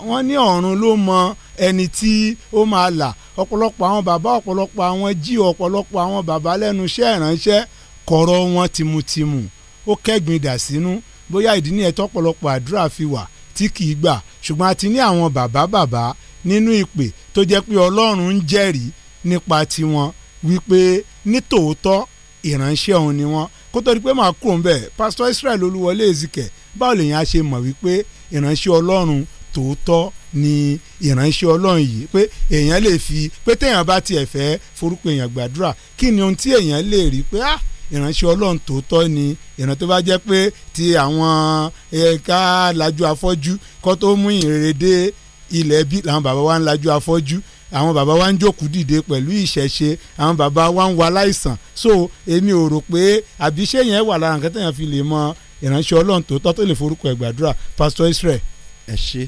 wọ́n ní ọ̀run ló mọ ẹni tí ó máa là ọ̀pọ̀lọpọ̀ àwọn bàbá ọ̀pọ̀lọpọ̀ àwọn jí ọ̀pọ̀lọpọ̀ àwọn bàbá lẹ́nu iṣẹ́ ìránṣẹ́ kọ̀rọ̀ wọn tìmùtìmù ó kẹ́gbin dà sínú bóyá ìdí ní ẹ̀tọ́ ọ̀pọ̀lọpọ̀ àdúrà fi wà tí kì í gbà ṣùgbọ́n a ti ní àwọn bàbá bàbá nínú ìpè tó jẹ́ pé Ọlọ́run ń jẹ́rìí nípa tiwọn wípé nítòótọ́ ìránṣẹ́ òun ni wọ́n kó tó di pé màá kúrò ń bẹ̀ pásítọ̀ Israel Olúwọlé Ezike báwo lèèyàn á ṣe mọ̀ wípé ìránṣẹ́ ọlọ́run tòótọ́ ni ìránṣẹ́ ọlọ́run yìí pé èèyàn lè fi pé téèyàn bá tiẹ̀ fẹ́ forúkọ èèyàn gbàdúrà kí ni ohun tí èèyàn lè rí pé ah ìránṣẹ́ ọlọ́run tòótọ́ ni ìran tó bá jẹ́ pé ti àwọn ẹ̀ka lajú afọ́jú kó tó mú ìrere dé ilẹ̀ bí làwọn bàbá wa ń lajú afọ́jú àwọn bàbá wa ń jókòó dìde pẹ̀lú ìṣẹ̀ṣe àwọn bàbá wa ń wa láìsàn so èmi ò rò pé àbíṣe yẹn wà lára nǹkan tẹ̀yàn fi lè mọ ìránṣẹ́ ọlọ́run tòótọ́ tó lè forúkọ ẹ̀ gbàdúrà pásítọ̀ Israel. ẹ ṣe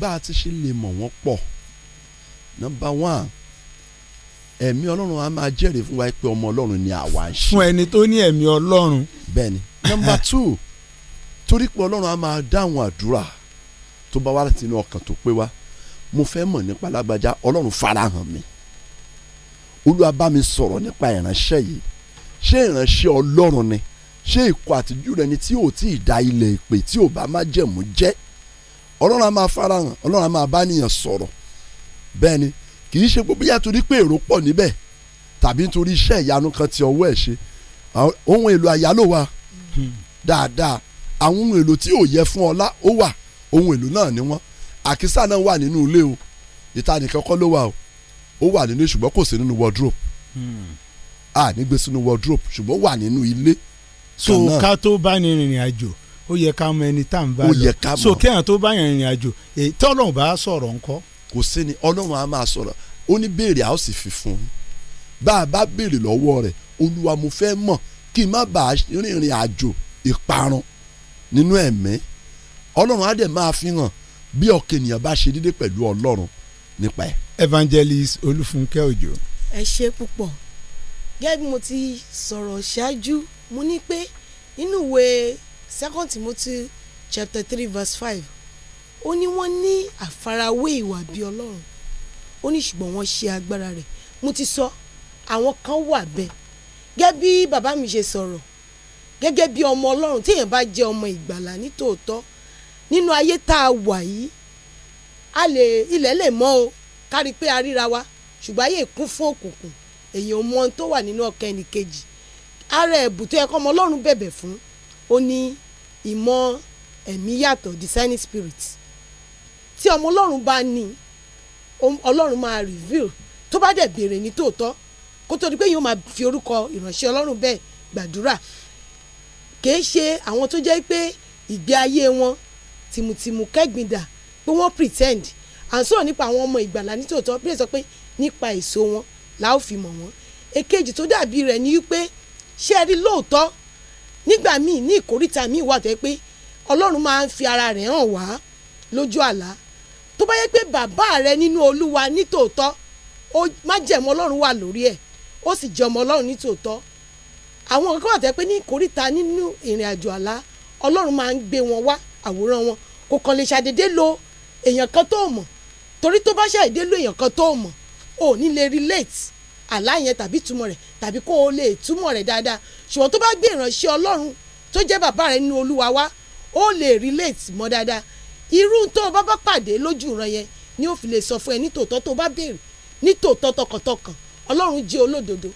bá a ti ṣe lè mọ̀ wọ́n pọ̀ nọ́mbà wán ẹ̀mí ọlọ́run a máa jẹ́rìí fún wa pé ọmọ ọlọ́run ni àwa ń ṣe. fún ẹni tó ní ẹ̀mí ọlọ́run. bẹ́ẹ̀ni nọ́mbà two torí pé ọlọ́run a máa dáhùn àdúrà tó bá wá láti inú ọkàn tó pé wá mo fẹ́ mọ̀ nípa lágbájá ọlọ́run farahàn mi olúwa bá mi sọ̀rọ̀ nípa ìránṣẹ́ yìí ṣé ìránṣẹ́ ọlọ́run ni ṣé ikọ̀ àtijú rẹ ni tí ò tí ì da ilẹ̀ ìpè tí ò bá má jẹ̀mú jẹ́ ọlọ́run a máa farahàn ọlọ́run a máa bá nìyàn sọ̀rọ̀ bẹ́ẹ̀ ni kì í ṣe pé bóyá torí pé èrò pọ̀ níbẹ̀ tàbí nítorí iṣẹ́ ìyanu kan tí ọwọ́ ẹ̀ ṣe ohun èlò àyálò wa dáadáa àwọn ohun èlò tí ò yẹ fún ọlá ó wà ohun èlò náà ni wọ́n àkísà náà wà nínú ilé o ìta nìkan kọ́ ló wà o ó wà nínú ṣùgbọ́n kò sí nínú wardrobe à hmm. ní gbé wardrobe ṣùgbọ́n wà nínú ilé. Hmm so ká tó bá ní rìnrìn àjò ó yẹ ká mọ ẹni tá à ń bá lọ so kéèyàn tó bá yàn rìnrìn àjò tọ́lọ́run bá sọ̀rọ̀ ńkọ́. kò sí ni ọlọ́run á máa sọ̀rọ̀ ó ní béèrè a ó sì fi fún un bá a bá béèrè lọ́wọ́ rẹ̀ olúwa mo fẹ́ mọ̀ kí n má bàa rìnrìn àjò ìparun nínú ẹ̀mí ọlọ́run á dẹ̀ máa fi hàn bí ọkàn ènìyàn bá ṣe dédé pẹ̀lú ọlọ́run nípa ẹ̀. evangelist olúfúnkẹ́ òjò. ẹ ṣe púpọ̀ gẹ́gẹ́ bí mo ti sọ̀rọ̀ ṣáájú mo ní pé nínú ìwé second timothy chapter three verse five ó ní wọ́n ní àfarawé ìwà bí ọlọ́run ó ní ṣùgbọ́n wọ́n ṣe agbára rẹ̀ mo ti sọ àwọn kan wà bẹ́ẹ̀ gẹ́gẹ́ bí bàbá mi ṣe sọ̀rọ̀ gẹ́gẹ́ bí ọmọ ọlọ́run téèyàn bá jẹ́ ọmọ ìgbàlà nítòótọ́ nínú ayé tá a wà yìí a lè ilẹ̀ lè mọ́ o kárí pé a ríra wa ṣùgbọ́n ayé kún fún òkùnkùn èèyàn mọ ohun tó wà nínú ọkàn ẹnìkejì ara ẹ̀bùn tó yẹ kọ́ ọmọ ọlọ́run bẹ̀bẹ̀ fún ó ní ìmọ̀ ẹ̀mí yàtọ̀ discerning spirit tí ọmọ ọlọ́run bá ní ọlọ́run máa reveal tó bá dẹ̀ béèrè ní tòótọ́ kó tó di pé yóò máa fi orúkọ ìránṣẹ́ ọlọ́run bẹ́ẹ̀ gbàdúrà kìí ṣe àwọn tó jẹ́ pé ìgbé ayé wọn tìmùtìmù kẹ́gbìndà pé wọ́n pretend à ń sọ̀rọ̀ nípa àwọn ọmọ ìgbàlá ní tòótọ́ bí ẹ sọ pé nípa èso wọn la ó fi mọ̀ wọ́n èkejì tó dàbí rẹ̀ ni wípé ṣé ẹ rí lóòótọ́ nígbà míì ní ìkórìtà míì wà tó yẹ pé ọlọ́run máa ń fi ara rẹ̀ hàn wá lójú àlá tó bá yẹ pé bàbá rẹ nínú olúwa ní tòótọ́ ó májẹ̀mú ọlọ́run wà lórí ẹ̀ ó sì jẹ́ ọmọ ọlọ́run ní tòótọ́ àwọn kan wà tó yẹ pé ní ìkórìtà nínú ìrìn àjò àlá ọlọ́run máa ń gbé wọn wá àwòrán wọn kò kàn lè ṣàdédé lo èèyàn kan tó mọ̀ torí tó bá ṣàdédé lo èèyàn kan tó mọ̀ ò ní lè relate àlá yẹn tàbí túmọ̀ rẹ̀ tàbí kó o lè túmọ̀ rẹ̀ dáadáa ṣùgbọ́n tó bá gbé ìránṣẹ́ ọlọ́run tó jẹ́ bàbá rẹ̀ nínú olúwa wá ó lè relate mọ́ dáadáa irú tó o bá bá pàdé lójú ìran yẹn ni ó fi lè sọ fún ẹ ní tòótọ́ tó o bá béèrè ní tòótọ́ tọkàntọkàn ọlọ́run jẹ́ olódodo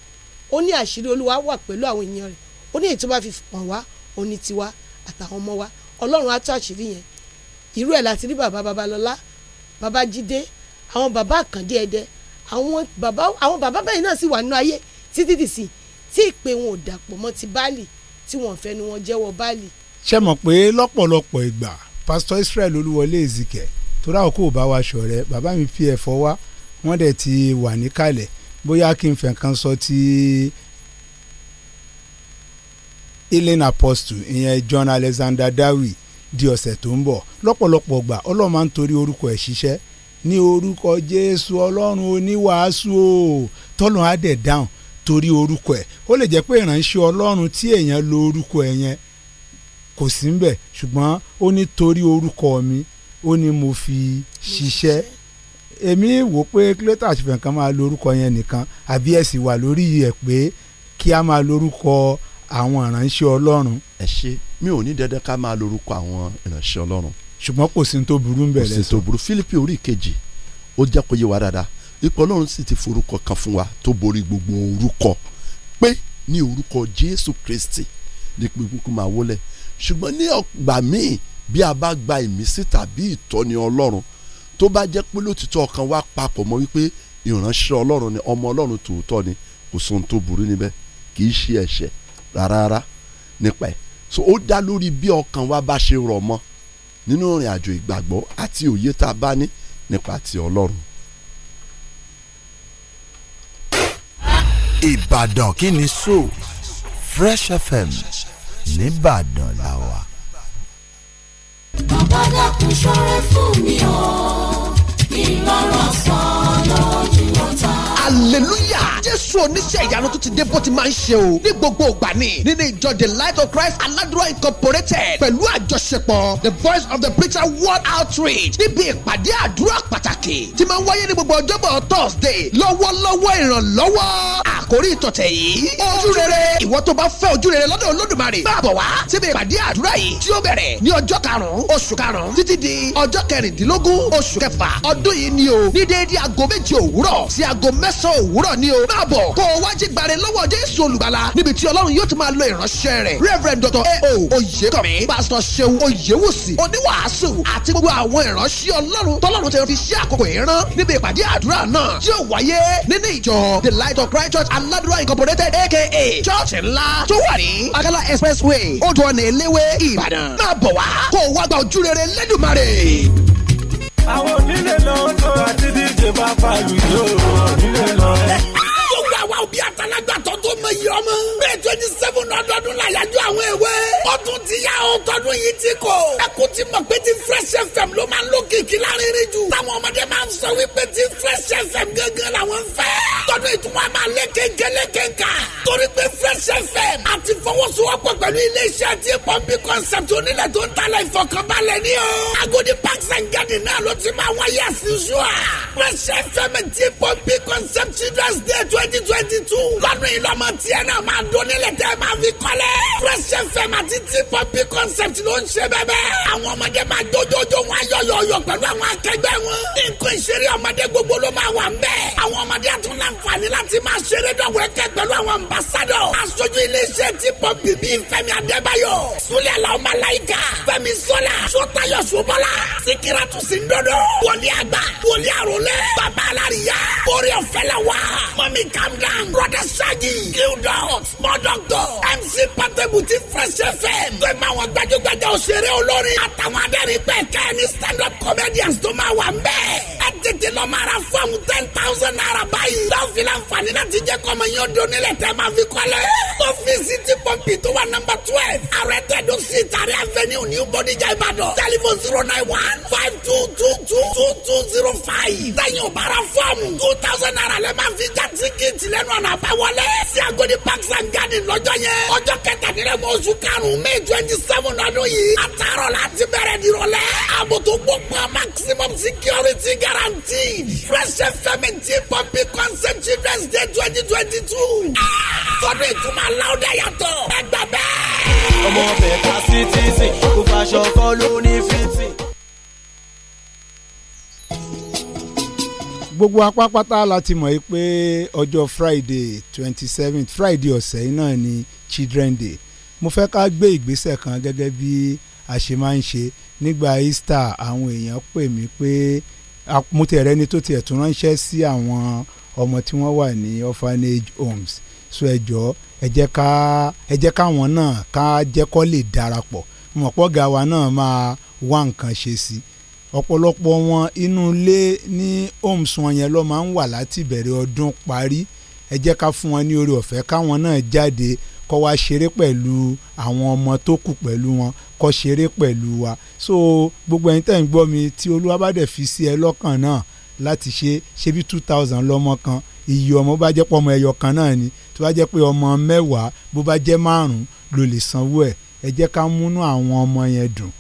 ó ní àṣírí olúwa wà pẹ̀lú àwọn èèyàn rẹ̀ ó ní èyí tó bá fi hàn wá ó tiwa àtàwọn ọmọ wa ọlọ́run á tó àṣírí yẹn irú ẹ̀ láti rí bàbá babalọ́lá babájídé àwọn bàbá àkàndé ẹ̀dẹ́ àwọn bàbá àwọn bàbá báyìí náà sì wà nínú ayé títí dì sí tí ìpè wọn ò dàpọ̀ mọ́ ti báàlì tí wọ́n fẹ́ ni wọ́n jẹ́wọ́ báàlì. ṣé mọ̀ pé lọ́pọ̀lọpọ̀ ìgbà pásítọ̀ Israel Olúwọlé Ezike tó ráwọ̀ kó o bá wa ṣọ̀rẹ́ bàbá mi fi ẹ̀fọ́ wá wọ́n dẹ̀ ti wà níkàlẹ̀ bóyá kí n fẹ́ kan sọ ti Helen Apostle ìyẹn John Alexander Dawie di ọ̀sẹ̀ tó ń bọ̀ lọ́pọ̀lọpọ̀ gbà ọlọ́run ní orúkọ jésù ọlọ́run oníwàásù o tọ́lọ́run á dẹ̀ dáhùn torí orúkọ ẹ̀ ó lè jẹ́ pé ìránṣẹ́ ọlọ́run tí èèyàn lo orúkọ ẹ̀ yẹn kò sí ń bẹ̀ ṣùgbọ́n ó ní torí orúkọ mi ó ní mo fi ṣiṣẹ́ èmi wò pé kílótà àṣìfẹ́ kan máa lo orúkọ yẹn nìkan àbí ẹ wà lórí ẹ̀ pé kí a máa lo orúkọ àwọn ìránṣẹ́ ọlọ́run. ẹ ṣe mi ò ní dandan ká máa lo orúkọ àwọn ìránṣẹ́ ọlọ́run ṣùgbọ́n kò sí tó burú ń bẹ̀rẹ̀ sọ. kò sí tó burú Fílípì orí kejì ó jẹ́ kó yé wa dáadáa ipò ọlọ́run sì ti forúkọ kan fún wa tó borí gbogbo orúkọ pé ní orúkọ Jésù Kristi ní pínpín máa wọlé ṣùgbọ́n ní ọgbà míì bí a bá gba ìmísí tàbí ìtọ́ni ọlọ́run tó bá jẹ́ pé lótìtọ́ ọkàn wa papọ̀ mọ́ wípé ìránṣẹ́ ọlọ́run ni ọmọ ọlọ́run tòótọ́ ni kò sóhun tó burú níbẹ̀ kì í ṣe ẹ̀ṣẹ̀ rárá nípa ẹ̀ so ó dá lórí bí ọkàn wa bá ṣe rọ̀ mọ́ nínú ìrìn àjò ìgbàgbọ́ àti òye tá a bá ní nípa ti Ọlọ́run. Ìbàdàn kí ni so Fresh FM nìbàdàn la wà. bàbá dákun ṣọrẹ fún mi o ìlọrọ sọ lójú ọ̀tá hallelujah jésù oníṣẹ́ ìyanu tó ti dé bó ti máa ń ṣe o ní gbogbo ìgbà ni nínú ìjọ the light of christ aládùúrà incorporated pẹ̀lú àjọṣepọ̀ the voice of the preacher world outreach níbi ìpàdé àdúrà pàtàkì tí máa ń wáyé ní gbogbo ọjọ́bọ̀ thursday lọ́wọ́lọ́wọ́ ìrànlọ́wọ́ àkórí ìtọ̀tẹ̀ yìí ojú rere ìwọ tó bá fẹ́ ojú rere lọ́dọ̀ olódùmarè máa bọ̀ wá síbi ìpàdé àdúrà yìí tí ó bẹ̀rẹ̀ ní ọjọ́ karùn-ún oṣù karùn-ún títí di ọjọ́ kẹrìndínlógún oṣù kẹfà ọdún yìí ni o ní déédéé aago méje òwúrọ̀ sí aago mẹ́sàn aṣọ òwúrọ̀ ni o máa bọ̀ kó o wájú gbàre lọ́wọ́ jésù olùgbàlà níbi tí ọlọ́run yóò ti máa lo ìránṣẹ́ rẹ̀ reverend dr a.o. oyèkànmí pastor seun oyèwùsì oníwàásù àti gbogbo àwọn ìránṣẹ́ ọlọ́run tọ́lọ́run ti fi ṣe àkókò ìran níbi ìpàdé àdúrà náà tí ó wáyé nínú ìjọ the light of christ church aládùúrà incorporated aka church ńlá tó wà ní akala expressway odò ọ̀nà eléwé ìbàdàn máa bọ̀ wá kó o wá gba ojúrere lẹ́dùnmarè àwọn onílé lọ tó àti díje bá pàlù yìí ó onílé lọ. yóò wá wá òbí àtàlágbàtọ́ máa yọ ọmọ. bẹ́ẹ̀ twenty seven ọdọọdún la yájọ àwọn èwe. ó tún ti yá o yìí ti kò. ẹ ti mọ̀ pé ti fresh fm ló máa ń lo kìkì lárinrin jù. táwọn ọmọdé máa ń sọ wípé ti fresh fm gángan làwọn fẹ́. tọdún ìtumọ̀ máa lé kéńké lé kéńká. torí pé fresh fm a ti fọwọ́sowọ́pọ̀ pẹ̀lú iléeṣẹ́ ti pọ́ǹpì concept onílẹ̀ tó ń talẹ̀ ìfọkànbalẹ̀ ni o. agodi parks and garden náà ló ti máa wáyé àṣìṣ joa. fresh fm ti pọ́ǹpì concept children's day twenty twenty two. lọ́dún yìí náà tiẹ̀ náà máa dún nílẹ̀ tẹ́ máa fi kọ́lé. fresh fm àti tipopi concept ló ń ṣe bẹ́ẹ̀ àwọn ọmọdé máa jójójó wọn ayọ̀yọ̀yọ̀ pẹ̀lú àwọn akẹgbẹ́ wọn. nǹkan ìṣeré ọmọdé gbogbo ló máa wà ńbẹ̀. àwọn ọmọdé àtún láǹfààní láti máa ṣeré dọ̀wẹ́kẹ́ pẹ̀lú àwọn ambassadọ̀. aṣojú iléeṣẹ́ tipopi bíi Fẹ́mi Adébáyọ̀ Súlẹ̀ làwọn malayika Fẹ́mi Sọ́lá Sọ́tayọ̀ Ṣọ́bọ́lá Síkírátù Síndọ́dọ̀ wòlí àgbà wòlí àròlé bàbá alárìíyá ọ̀fẹ́ la wà mọ́mí calm down brother Ṣáàjì Gildon Small Doctor MC Patebu ti Fresh FM. Tó máa wọn gbajúgbajà òṣèré olórin àtàwọn adẹ́rìn bẹ́ẹ̀ kẹ́ ni stand up comedians tó máa wà mbẹ́. Ẹ tètè lọ máa ra fọ́ọ̀mù ten thousand naira báyìí. Láwùjọ láǹfààní láti jẹ́ kọ́mọ yín ọdún nílẹ̀ tẹ́ máa fi kọ́lẹ̀. Ọ́fíìsì ti pọ́ǹpì tó wà nọ́mbà twelve. Àrẹ̀tẹ̀ dùn sí ìtàrí avenue New body. Bodija Ìbàdàn. Tẹlifon zero nine one five two two two two two zero five. Tẹ̀yìn ò bára fọ́ọ̀mù two thousand naira lẹ́ máa fi já tíkẹ́ẹ̀tì lẹ́nu ọ̀nà àbáwọlé. Sí à Agodi parks and garden lọ́jọ́ yẹn. ọjọ́ kẹtàdínlẹ́gbọ̀n oṣù karùn-ún May twenty seven ọdún yìí. àtàrọ̀ láti bẹ̀rẹ̀ nírọ̀lẹ́. ààbò tó maximum security guarantee. Fresh FM ti pọ́ǹpì concept children's day twenty twenty two. Ah! tọ́dún ìtumọ̀ aláwọ̀dá yàtọ̀. ẹgbẹ́ bẹ́ẹ̀. ọmọ bẹ̀ka citizen kò fàṣọ kọ́ ló ní fìtì. gbogbo apápátá láti mọ̀ pé ọjọ́ friday twenty seventh friday ọ̀sẹ̀ yìí náà ni children day mo fẹ́ ká gbé ìgbésẹ̀ kan gẹ́gẹ́ bí a ṣe máa ń ṣe nígbà easter àwọn èèyàn pè mí pé mo tiẹ̀ rẹ́ni tó tiẹ̀ tún ránṣẹ́ sí àwọn ọmọ tí wọ́n wà ní orphanage homes so ẹ jọ̀ọ́ ẹ jẹ́ ká ẹ jẹ́ káwọn náà ká jẹ́ kó lè darapọ̀ mọ̀pọ̀ gàwa náà máa wá nǹkan ṣe sí i ọ̀pọ̀lọpọ̀ wọn inú ilé ní homes wọn yẹn ló máa ń wà láti bẹ̀rẹ̀ ọdún parí ẹ jẹ́ ká fún wọn ní oore ọ̀fẹ́ káwọn náà jáde kó wá ṣeré pẹ̀lú àwọn ọmọ tó kù pẹ̀lú wọn kó ṣeré pẹ̀lú wa so gbogbo ẹ̀yin tẹ̀ ń gbọ́ mi tí olúwa bá dẹ̀ fi sí ẹ lọ́kàn náà láti ṣe ṣe bí two thousand lọ́mọ kan iye ọmọ bá jẹ́ pé ọmọ ẹyọ kan náà ni tó bá jẹ́ pé ọmọ mẹ́wàá bó bá jẹ́ márùn-ún ló lè sanwó ẹ̀ ẹ jẹ́ ká múnú àwọn ọmọ yẹn dùn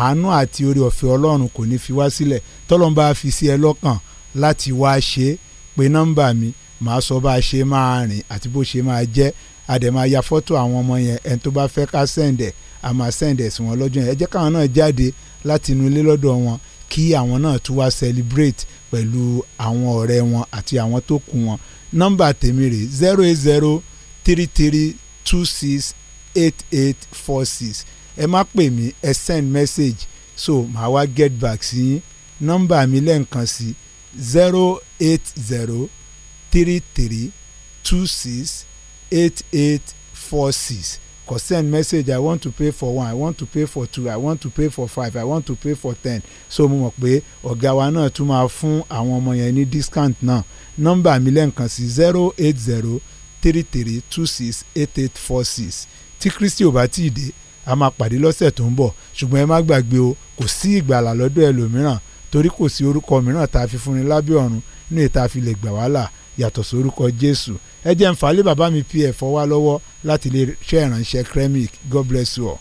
àánú àti orí ọ̀fẹ́ ọlọ́run kò ní fi wá sílẹ̀ tọ́lọ́n bá fi sí ẹ lọ́kàn láti wá ṣe é pé nọ́mbà mi màá sọ bá a ṣe máa rìn àti bó ṣe máa jẹ́ àdèmà ya fọ́tò àwọn ọmọ yẹn ẹni tó bá fẹ́ ká sẹ̀ǹdẹ̀ a máa sẹ̀ǹdẹ̀ sí wọn lọ́jọ́ yẹn ẹ jẹ́ káwọn náà jáde láti inú ilé lọ́dọ̀ wọn kí àwọn náà tún wá celebrate pẹ̀lú àwọn ọ̀rẹ́ wọn àti àwọn tó kù wọn nọ́mbà tèmi rè zero eight zero three three two six eight eight four six ẹ má pè mí ẹ send message so màá wá get back sí yín nọ́mbà mi lẹ́ǹkan sí zero eight zero three three two six eight eight four six kò send message i want to pay for one i want to pay for two i want to pay for five i want to pay for ten so mo mọ̀ pé ọ̀gá wa náà tún máa fún àwọn ọmọ yẹn ní discount náà nọ́mbà mi lẹ́ǹkan sí zero eight zero three three two six eight eight four six tí Christy ò bá tí ì dé a máa pàdé lọ́sẹ̀ tó ń bọ̀ ṣùgbọ́n ẹ má gbàgbé o kò sí ìgbàlà lọ́dọ̀ ẹlòmíràn torí kò sí orúkọ mìíràn tá a fi fúnni lábẹ́ ọ̀run ní ìta fi lè gbà wàhálà yàtọ̀ sórúkọ jésù ẹ jẹ́ n falẹ̀ bàbá mi pf fọwọ́ lọ́wọ́ láti lè ṣe ìrànṣẹ́ kremik god bless you all.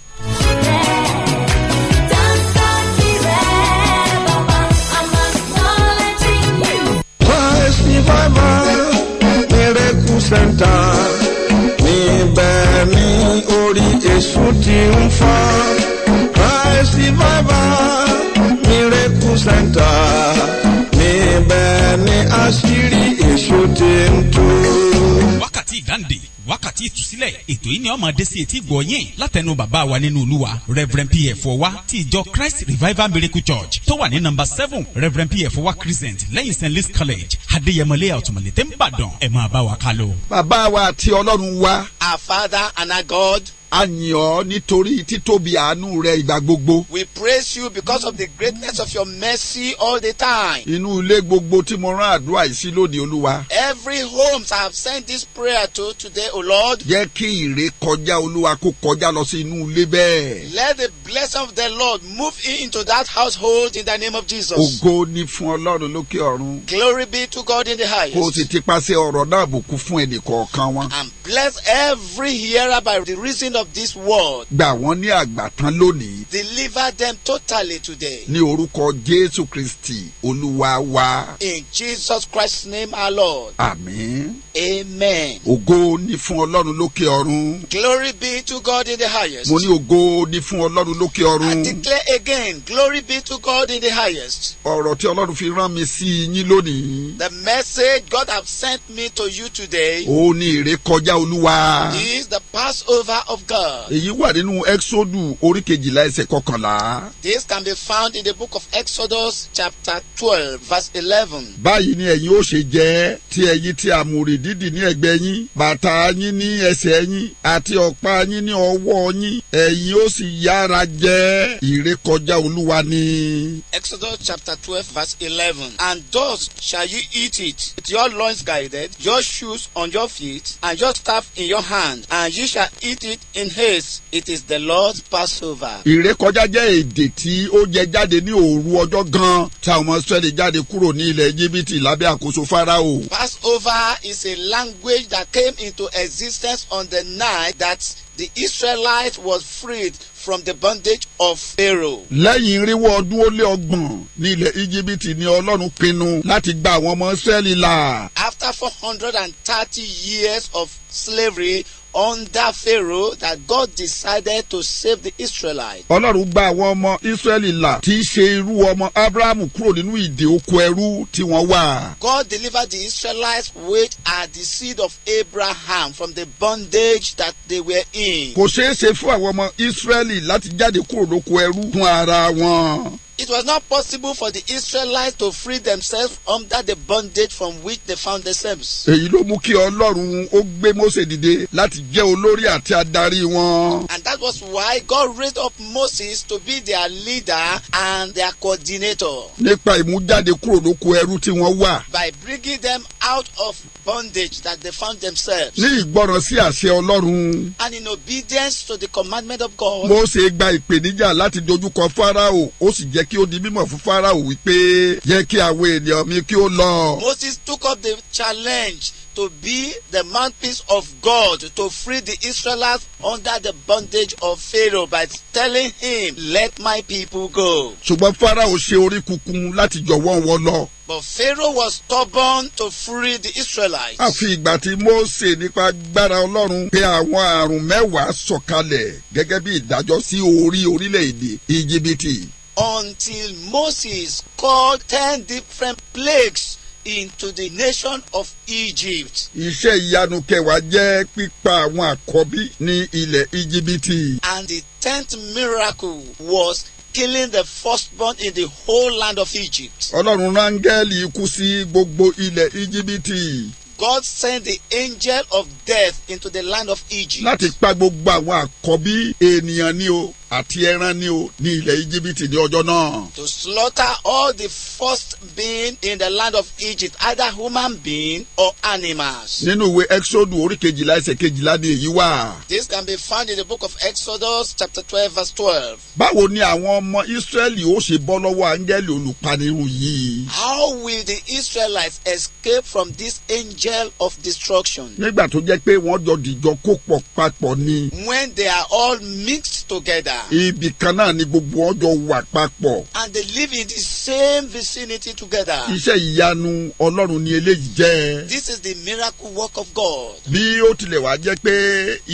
center níbẹ̀ ni Jésù ti ń fọ́. Christ Revival Miracle Center níbẹ̀ ni àṣírí èso ti ń tú. Wákàtí wákàtí ìtúsílẹ̀ ètò yìí ni ọmọ adé sí etí gbọ̀nyìn látẹnu bàbá wa nínú olúwa reverend pf ọwa ti ìjọ christ revival miracle church tó wà ní nọ́mbà seven reverend pf ọwa crescent lẹ́yìn st louis college adéyẹmọlẹ́ àtùmọ̀lẹ́ tẹ́ ń bàdàn ẹ̀ máa bá wa ká bàbá wa àti ọlọ́run wa. our father and our god a yìn ọ́ nítorí títóbi àánú rẹ ìgbà gbogbo. we praise you because of the greatness of your mercy all the time. inú ilé gbogbo tí mo rán àdúrà yìí sí lónìí olúwa. every home I have sent this prayer to today o oh lord. jẹ́ kí ìrékọjá olúwa kó kọjá lọ sí inú ilé bẹ́ẹ̀. let the blessing of the lord move into that household in the name of jesus. ògo ni fún ọlọ́run lókè ọ̀run. glory be to God in the highest. kó o sì ti pàṣẹ ọ̀rọ̀ náà bùkún fún ẹnì kọ̀ọ̀kan wọn bless every hearer by the reason of this word. Gbà wọ́n ní àgbàtán lónìí. Deliver them totally today. Ní orúkọ Jésù Kristì Olúwa wa. In Jesus Christ's name our Lord. Àmín amen. ògo ni fún ọlọ́run lókè ọ̀run. glory be to God in the highest. mo ní ògo ni fún ọlọ́run lókè ọ̀run. I declare again glory be to God in the highest. ọ̀rọ̀ tí ọlọ́run fi rán mi sí yín lónìí. the message God have sent me to you today. ó ní ìrékọjá olúwa. is the passover of God. èyí wà nínú exodu orí kejìlá ẹsẹ̀ kọkànlá. this can be found in the book of exodus chapter twelve verse eleven. báyìí ni ẹ̀yin ó ṣe jẹ́ tí ẹ̀yin tí a mú rí dídì ní ẹ̀gbẹ́ yín bàtà yín ní ẹsẹ̀ yín àti ọ̀pá yín ní ọwọ́ yín ẹ̀yin ó sì yára jẹ́ ìrékọjá olúwa ni. Exodus chapter twelve verse eleven and thus shall ye eat it with your loins guided your shoes on your feet and your staff in your hand and ye shall eat it in haste it is the Lord's Passover. ìrékọjá jẹ́ èdè tí ó jẹ jáde ní òru ọjọ́ gan-an tí àwọn ọmọ Ísírẹ́lì jáde kúrò ní ilẹ̀ Íjíbítì lábẹ́ àkóso Fáráò. Passover is a language that came into existence on the night that the Israelites was freed from the bondage of Pharaoh. lẹ́yìn irinwó ọdún ó lé ọgbọ̀n ní ilẹ̀ íjíbítì ni ọlọ́run pinnu láti gba àwọn ọmọ Ísírẹ́lì là. after four hundred and thirty years of slavery under Pharaoh that God decided to save the Israelites. Ọlọ́run gba àwọn ọmọ Ísírẹ́lì là tí í ṣe irú ọmọ Ábúráhámù kúrò nínú ìdè oko ẹrú tí wọ́n wà. God delivered the Israelites which are the seed of Abraham from the bondage that they were in. Kò ṣeé ṣe fún àwọn ọmọ Ísírẹ́lì láti jáde kúrò lóko ẹrú fún ara wọn. It was not possible for the Israelites to free themselves under the bondage from which they found themselves. Èyí ló mú kí Ọlọ́run ó gbé Mósè dìde láti jẹ́ olórí àti adarí wọn. And that was why God raised up Moses to be their leader and their coordinator. Nípa ìmújáde kúrò lóko ẹrú tí wọ́n wà. By bringing them out of bondage that they found themselves. Ní ìgbọràn sí àṣẹ Ọlọ́run. And in obedience to the commandment of God. Mósè gba ìpèníjà láti dojúkọ Fáráò ó sì jẹ́ kí ó di mímọ̀ fún Fáráò wípé yẹ kí àwọn ènìyàn mi kí ó lọ. Moses took up the challenge to be the mouthpiece of God to free the Israelites under the bondage of Pharaoh by telling him, Let my people go. Ṣùgbọ́n Fáráò ṣe orí kunkun láti jọ̀wọ́ wọn lọ. But Pharaoh was stubborn to free the Israelites. A ìgbà tí Mósè nípa agbára Ọlọ́run pé àwọn àrùn mẹ́wàá sọ̀kalẹ̀ gẹ́gẹ́ bí ìdájọ́ sí orí orílẹ̀-èdè Íjíbítì until Moses called ten different plagues into the nation of Egypt. Iṣẹ́ ìyanu kẹwàá jẹ́ pípa àwọn àkọ́bí ní ilẹ̀ Íjíbítì. And the tenth miracle was killing the firstborn in the whole land of Egypt. Ọlọ́run rángẹ́lì ikú sí gbogbo ilẹ̀ Íjíbítì. God sent the angel of death into the land of Egypt. Láti pa gbogbo àwọn àkọ́bí ènìyàn ni o àti ẹran ni o ní ilẹ̀ íjíbítì ní ọjọ́ náà. to slaughter all the first being in the land of Egypt either human being or animals. nínú ìwé exodus orí kejìlá ẹsẹ̀ kejìlá ni èyí wà. this can be found in the book of Exodus chapter twelve verse twelve. báwo ni àwọn ọmọ Ísírẹ́lì ó ṣe bọ́ lọ́wọ́ áńgẹ́lì olùpanirun yìí. how will the Israelites escape from this angel of destruction. nígbà tó jẹ́ pé wọ́n jọ dìjọ kó pọ̀ papọ̀ ni. when they are all mixed together. Ibì kan náà ni gbogbo ọjọ́ wà papọ̀. And they live in the same vicinity together. Iṣẹ́ ìyanu Ọlọ́run ni eléyìí jẹ́. This is the miracle work of God. Bí ó tilẹ̀ wá jẹ́ pé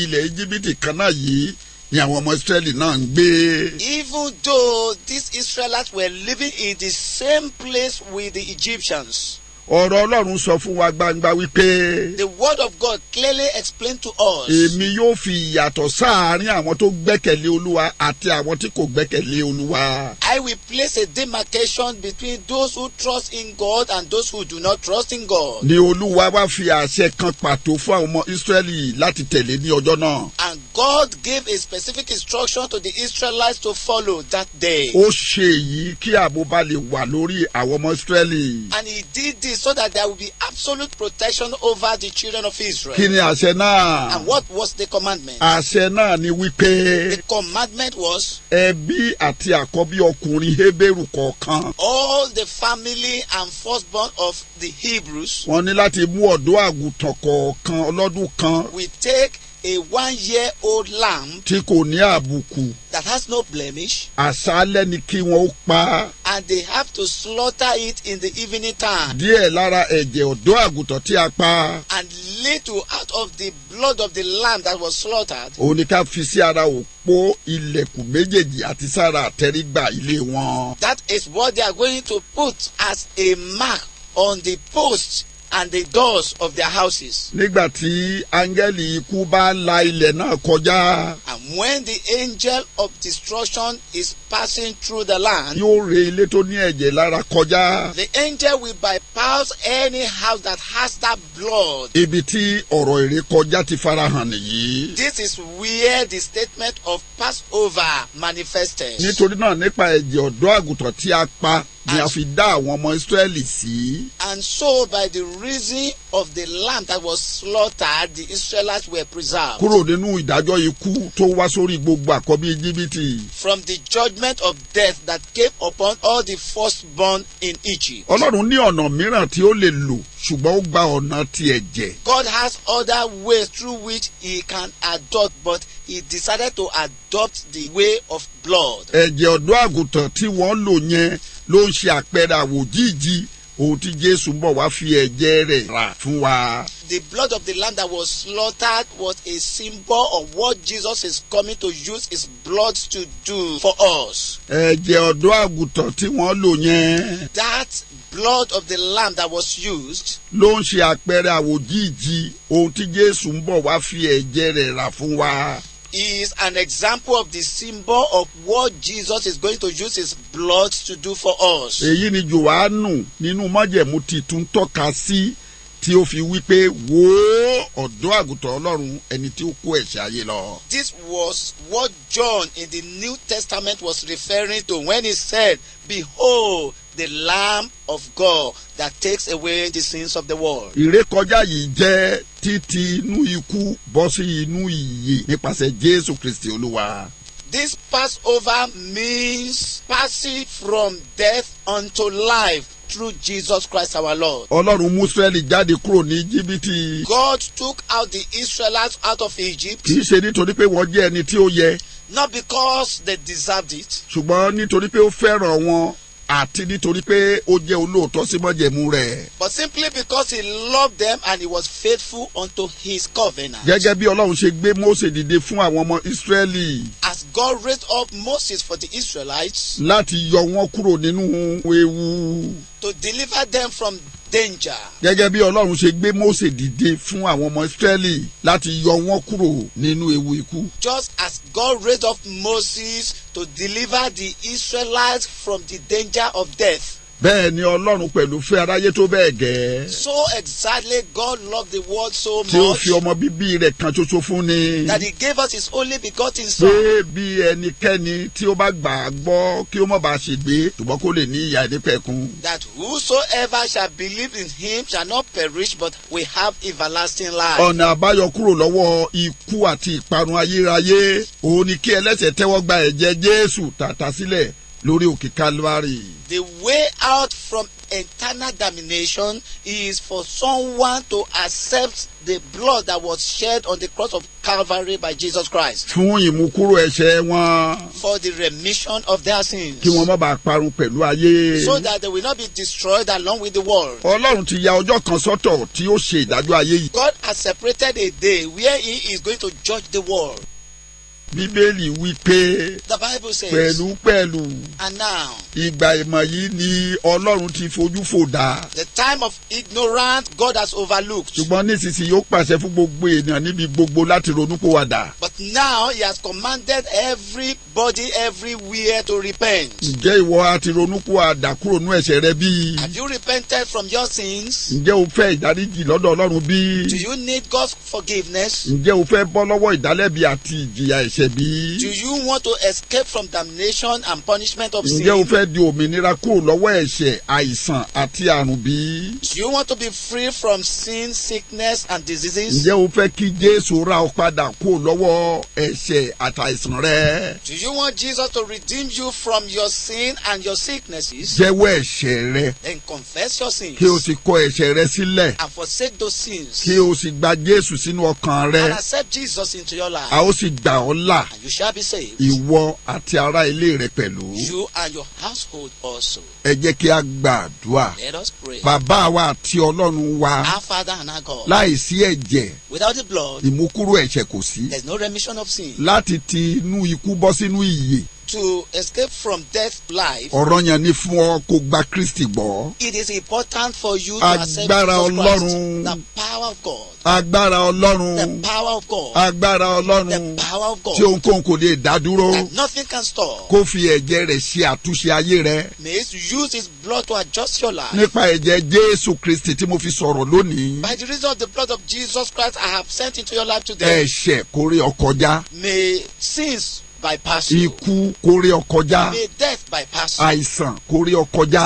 ilẹ̀ Íjíbítì kan náà yìí ni àwọn ọmọ Ísírẹ́lì náà ń gbé. Even though these Israelites were living in the same place with the Egyptians ọ̀rọ̀ ọlọ́run sọ fún wa gbangba wípé. the word of God clearly explained to us. èmi yóò fi ìyàtọ̀ sáàárín àwọn tó gbẹ́kẹ̀lé olúwa àti àwọn tí kò gbẹ́kẹ̀lé olúwa. I will place a demarcation between those who trust in God and those who do not trust in God. ni olúwa wá fi àṣẹ kan pàtó fún àwọn ọmọ Ísírẹ́lì láti tẹ̀lé ní ọjọ́ náà. and God gave a specific instruction to the Israelites to follow that day. ó ṣe èyí kí ààbò wà lórí àwọn ọmọ Ísírẹ́lì. and he did this so that there will be absolute protection over the children of Israel. Kí ni àṣẹ náà? And what was the commandment? Àṣẹ náà ni wípé. The commandment was. Ẹbí àti àkọ́bí ọkùnrin Hébérù kọ̀ọ̀kan. All the family and firstborn of the Hebrews. Wọ́n ní láti mú ọ̀dọ́ àgùntàn kọ̀ọ̀kan ọlọ́dún kan. We take a one year old lamb. tí kò ní àbùkù. that has no blemish. àṣálẹ́ ni kí wọ́n pa. and they have to slaughter it in the evening time. díẹ̀ lára ẹ̀jẹ̀ ọ̀dọ́ àgùntàn tí a pa. and little out of the blood of the lamb that was slaughtered. òun fi sí ara òpó ilẹ̀kùn méjèèjì àti sára àtẹrígbà ilé wọn. that is what they are going to put as a mark on the post and the doors of their houses. nígbà tí áńgẹ́lì ikú bá la ilẹ̀ náà kọjá. and when the angel of destruction is passing through the land. yóò ré ilé tó ní ẹ̀jẹ̀ lára kọjá. the angel will bypass any house that has that blood. ibi tí ọ̀rọ̀ ìrékọjá ti farahàn nìyí. this is where the statement of Passover manifested. nítorí náà nípa ẹ̀jẹ̀ ọ̀dọ́ àgùntàn tí a pa ni a fi dá àwọn ọmọ Ísírẹ́lì sí. and so by the reason of the lamb that was slaughtered the Israelites were preserved. kúrò nínú ìdájọ́ ikú tó wá sórí gbogbo àkọ́bí Íjíbítì. from the judgment of death that came upon all the firstborn in Egypt. Ọlọ́run ní ọ̀nà mìíràn tí ó lè lò ṣùgbọ́n ó gba ọ̀nà ti ẹ̀jẹ̀. God has other ways through which he can adopt but he decided to adopt the way of blood. ẹ̀jẹ̀ ọ̀dọ́ àgùntàn tí wọ́n lò yẹn ló ń ṣe àpẹẹrẹ àwòjíìji òun tí jésù bọ̀ wá fi ẹ̀jẹ̀ rẹ̀ rà fún wa. The blood of the lamb that was slaughtered was a symbol of what Jesus is coming to use his blood to do for us. ẹ̀jẹ̀ ọ̀dọ́ àgùntàn tí wọ́n lò yẹn. That blood of the lamb that was used. ló ń ṣe àpẹẹrẹ àwòjíìji ohun tí jésù bọ̀ wá fi ẹ̀jẹ̀ rẹ̀ rà fún wa is an example of the symbol of what Jesus is going to use his blood to do for us. èyí ni Jòhánù nínú májẹ̀mú titun tọ́ka sí. Si tí ó fi wí pé wo ọ̀dọ́ àgùntàn ọlọ́run ẹni tí ó kó ẹ̀ṣẹ̀ ayé lọ. This was what John in the New Testament was referring to when he said, Behold, the Lamb of God that takes away the sins of the world. Ìrékọjá yìí jẹ́ títí inú ikú bọ́ sí inú ìyè nípasẹ̀ Jésù Kristi Olúwa. This Passover means passing from death unto life through Jesus Christ our Lord. Ọlọ́run mú Ísírẹ́lì jáde kúrò ní Íjíbítì. God took out the Israelites out of Egypt. Kì í ṣe nítorí pé wọ́n jẹ́ ẹni tí ó yẹ. Not because they deserved it. Ṣùgbọ́n nítorí pé ó fẹ́ràn wọn àti nítorí pé ó jẹ́ olóòótọ́ sí májẹ̀mú rẹ̀. but simply because he loved them and he was faithful unto his covenant. gẹ́gẹ́ bí Ọlọ́run ṣe gbé Mósè dìde fún àwọn ọmọ Ísírẹ́lì. as God raised up Moses for the Israelites. láti yọ wọn kúrò nínú ewu to deliver them from danger. gẹ́gẹ́ bí ọlọ́run ṣe gbé Mósè dìde fún àwọn ọmọ Ísírẹ́lì láti yọ wọ́n kúrò nínú ewu ikú. just as God raised up Moses to deliver the Israelites from the danger of death bẹ́ẹ̀ ni ọlọ́run pẹ̀lú fẹ́ aráyé tó bẹ́ẹ̀ gẹ́. so exactly God loved the world so much. tí ó fi ọmọ bíbí rẹ̀ kan ṣoṣo fún ni. that he gave us his only begotten son. pé bí ẹnikẹ́ni tí ó bá gbà á gbọ́ kí ó má bàa ṣègbé ṣùgbọ́n kó lè ní ìyà ìdípẹ̀kun. that whosoever shall believe in him shall not perish but will have everlasting life. ọ̀nà àbáyọ kúrò lọ́wọ́ ikú àti ìparun ayérayé òun ni kí ẹlẹ́ṣẹ̀ tẹ́wọ́ gba ẹ̀jẹ̀ Jésù tàtà sílẹ̀ lórí òkè Calvary. The way out from internal damnation is for someone to accept the blood that was shed on the cross of Calvary by Jesus Christ. fún ìmúkúrò ẹ̀ṣẹ̀ wọn. for the remission of their sins. kí wọ́n má bàa parun pẹ̀lú ayé. so that they will not be destroyed along with the world. Ọlọ́run ti ya ọjọ́ kan sọ́tọ̀ tí ó ṣe ìdájọ́ ayé yìí. God has separated a day where he is going to judge the world bíbélì wí pé pẹ̀lú pẹ̀lú ìgbà ìmọ̀ yìí ni ọlọ́run ti fojú fò dá. the time of ignorance God has overlooked. ṣùgbọ́n nísinsìnyí ó pàṣẹ fún gbogbo ènìyàn níbi gbogbo láti ronúpìwàdà now he has commanded everybody everywhere to repent. ǹjẹ́ ìwọ a ronúkú àdàkúrò nú ẹ̀ṣẹ̀ rẹ bí? have you repented from your sins? ǹjẹ́ o fẹ́ ìdáríjì lọ́dọ̀ Ọlọ́run bí? do you need God's forgiveness? ǹjẹ́ o fẹ́ bọ́ lọ́wọ́ ìdálẹ́bi àti ìjìyà ẹ̀ṣẹ̀ bí? do you want to escape from damnation and punishment of sin? ǹjẹ́ o fẹ́ di òmìnira kúrò lọ́wọ́ ẹ̀ṣẹ̀ àìsàn àti àrùn bí? do you want to be free from sin sickness and diseases? ǹjẹ́ o fẹ́ kí Jésù ra ọ padà kúrò lọ́wọ́ bọ àtàìsàn rẹ. Do you want Jesus to redeem you from your sin and your sicknesses? Jẹ́wọ́ ẹ̀ṣẹ̀ rẹ. Then confess your sins. Kí o sì kọ ẹ̀ṣẹ̀ rẹ sílẹ̀. And forsake those sins. Kí o sì gba Jésù sínú ọkàn rẹ. And accept Jesus into your life. A ó sì gbà ọ́ là. And you shall be saved. Ìwọ àti ará ilé rẹ pẹ̀lú. You and your household also. Ẹ jẹ́ kí a gbàdúrà. Let us pray. Bàbá wa àti Ọlọ́run wa. Our Father and our God. Láìsí ẹ̀jẹ̀. Without the blood. Ìmúkúrò ẹ̀ṣẹ̀ kò sí. There is no remedy resurrection of sin. láti ti inú ikú bọ́ sínú ìyè to escape from death life. ọ̀rọ̀ yẹn ni fún ọ kó gba Kristi gbọ́. it is important for you to accept Jesus Christ. the power of God. agbára Ọlọ́run. the power of God. agbára Ọlọ́run. the power of God. tí ohunkóhun kò lè dádúró. that nothing can stop. kó fi ẹ̀jẹ̀ rẹ̀ ṣe àtúnṣe ayé rẹ. may he use his blood to adjust your life. nípa ẹ̀jẹ̀ Jésù Kristi tí mo fi sọ̀rọ̀ lónìí. by the reason of the blood of Jesus Christ I have sent into your life today. ẹ̀ṣẹ̀ kórè ọkọjá. may sins ikú kórè ọkọjá àìsàn kórè ọkọjá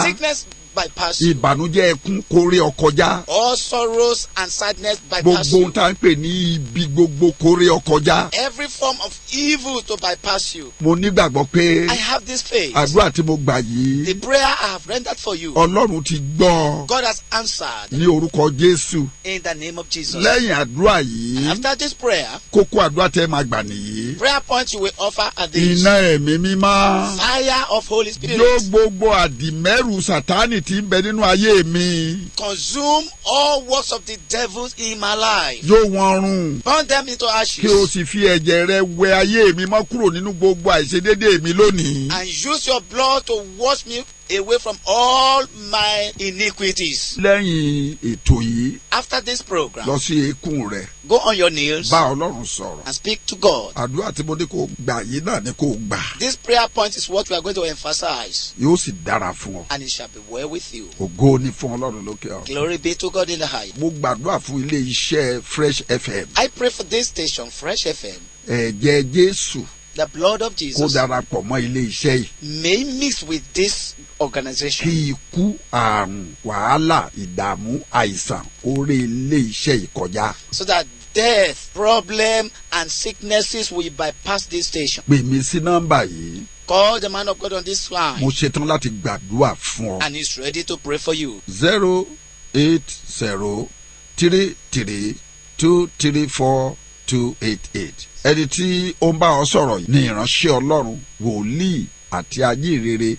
bypass you. ìbànújẹ́ ẹkún kórè ọkọjá. all sorrows and sadness bypass you. gbogbo ohun tá ń pè ní ibi gbogbo kórè ọkọjá. every form of evil to bypass you. mo nígbàgbọ́ pé. I have this faith. àdúrà tí mo gbà yìí. the prayer I have rendered for you. ọlọ́run ti gbọ́. God has answered. ní orúkọ Jésù. in the name of Jesus. lẹ́yìn àdúrà yìí. after this prayer. kókó àdúrà tẹ́ máa gbà nìyí. prayer point you will offer are these. iná ẹ̀mí mímá. fire of Holy Spirit. yóò gbogbo àdìmẹ́rù sátánì tí ń bẹ nínú ayé mi. consume all works of the devil in my life. yóò wọn run. burn them into ashes. kí o sì fi ẹ̀jẹ̀ rẹ wẹ ayé mi mọ́ kúrò nínú gbogbo àìṣedéédéé mi lónìí. and use your blood to wash me away from all my iniquities. lẹ́yìn ètò yìí. after this program. lọ sí eékún rẹ. go on your knees. bá ọlọ́run sọ̀rọ̀. and speak to God. àdúrà tí mo ní kó gbà yìí náà ni kó gbà. this prayer point is what we are going to emphasize. yóò sì dára fún ọ. and it shall be well with you. ògo ni fún ọlọ́run lókè ọ. glory be to God in the high. mo gbàdúrà fún ilé iṣẹ́ fresh fm. i pray for this station fresh fm. ẹ̀jẹ̀ jésù the blood of Jesus. kó darapọ̀ mọ́ ilé iṣẹ́ yìí. may mix with this organization. kí ikú àrùn wàhálà ìdààmú àìsàn kó ilé iṣẹ́ yìí kọjá. so that death problem and sicknesses will bypass this station. pè sí nọ́mbà yìí. Call the man of God on this line. Mo ṣetán láti gbàdúrà fún ọ. And he's ready to pray for you. zero eight zero three three two three four two eight eight ẹni tí ó ń bá ọ sọ̀rọ̀ ní ìránṣẹ́ ọlọ́run wòlíì àti ajínrere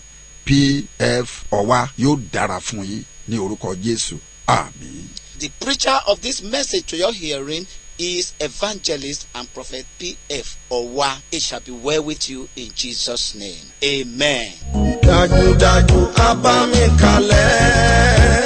pf ọwa yóò dára fún yín ní orúkọ jésù àmín. the preacher of this message to your hearing is evangelist and prophet pf ọwa it shall be well with you in jesus name amen. dájúdájú abámi kalẹ̀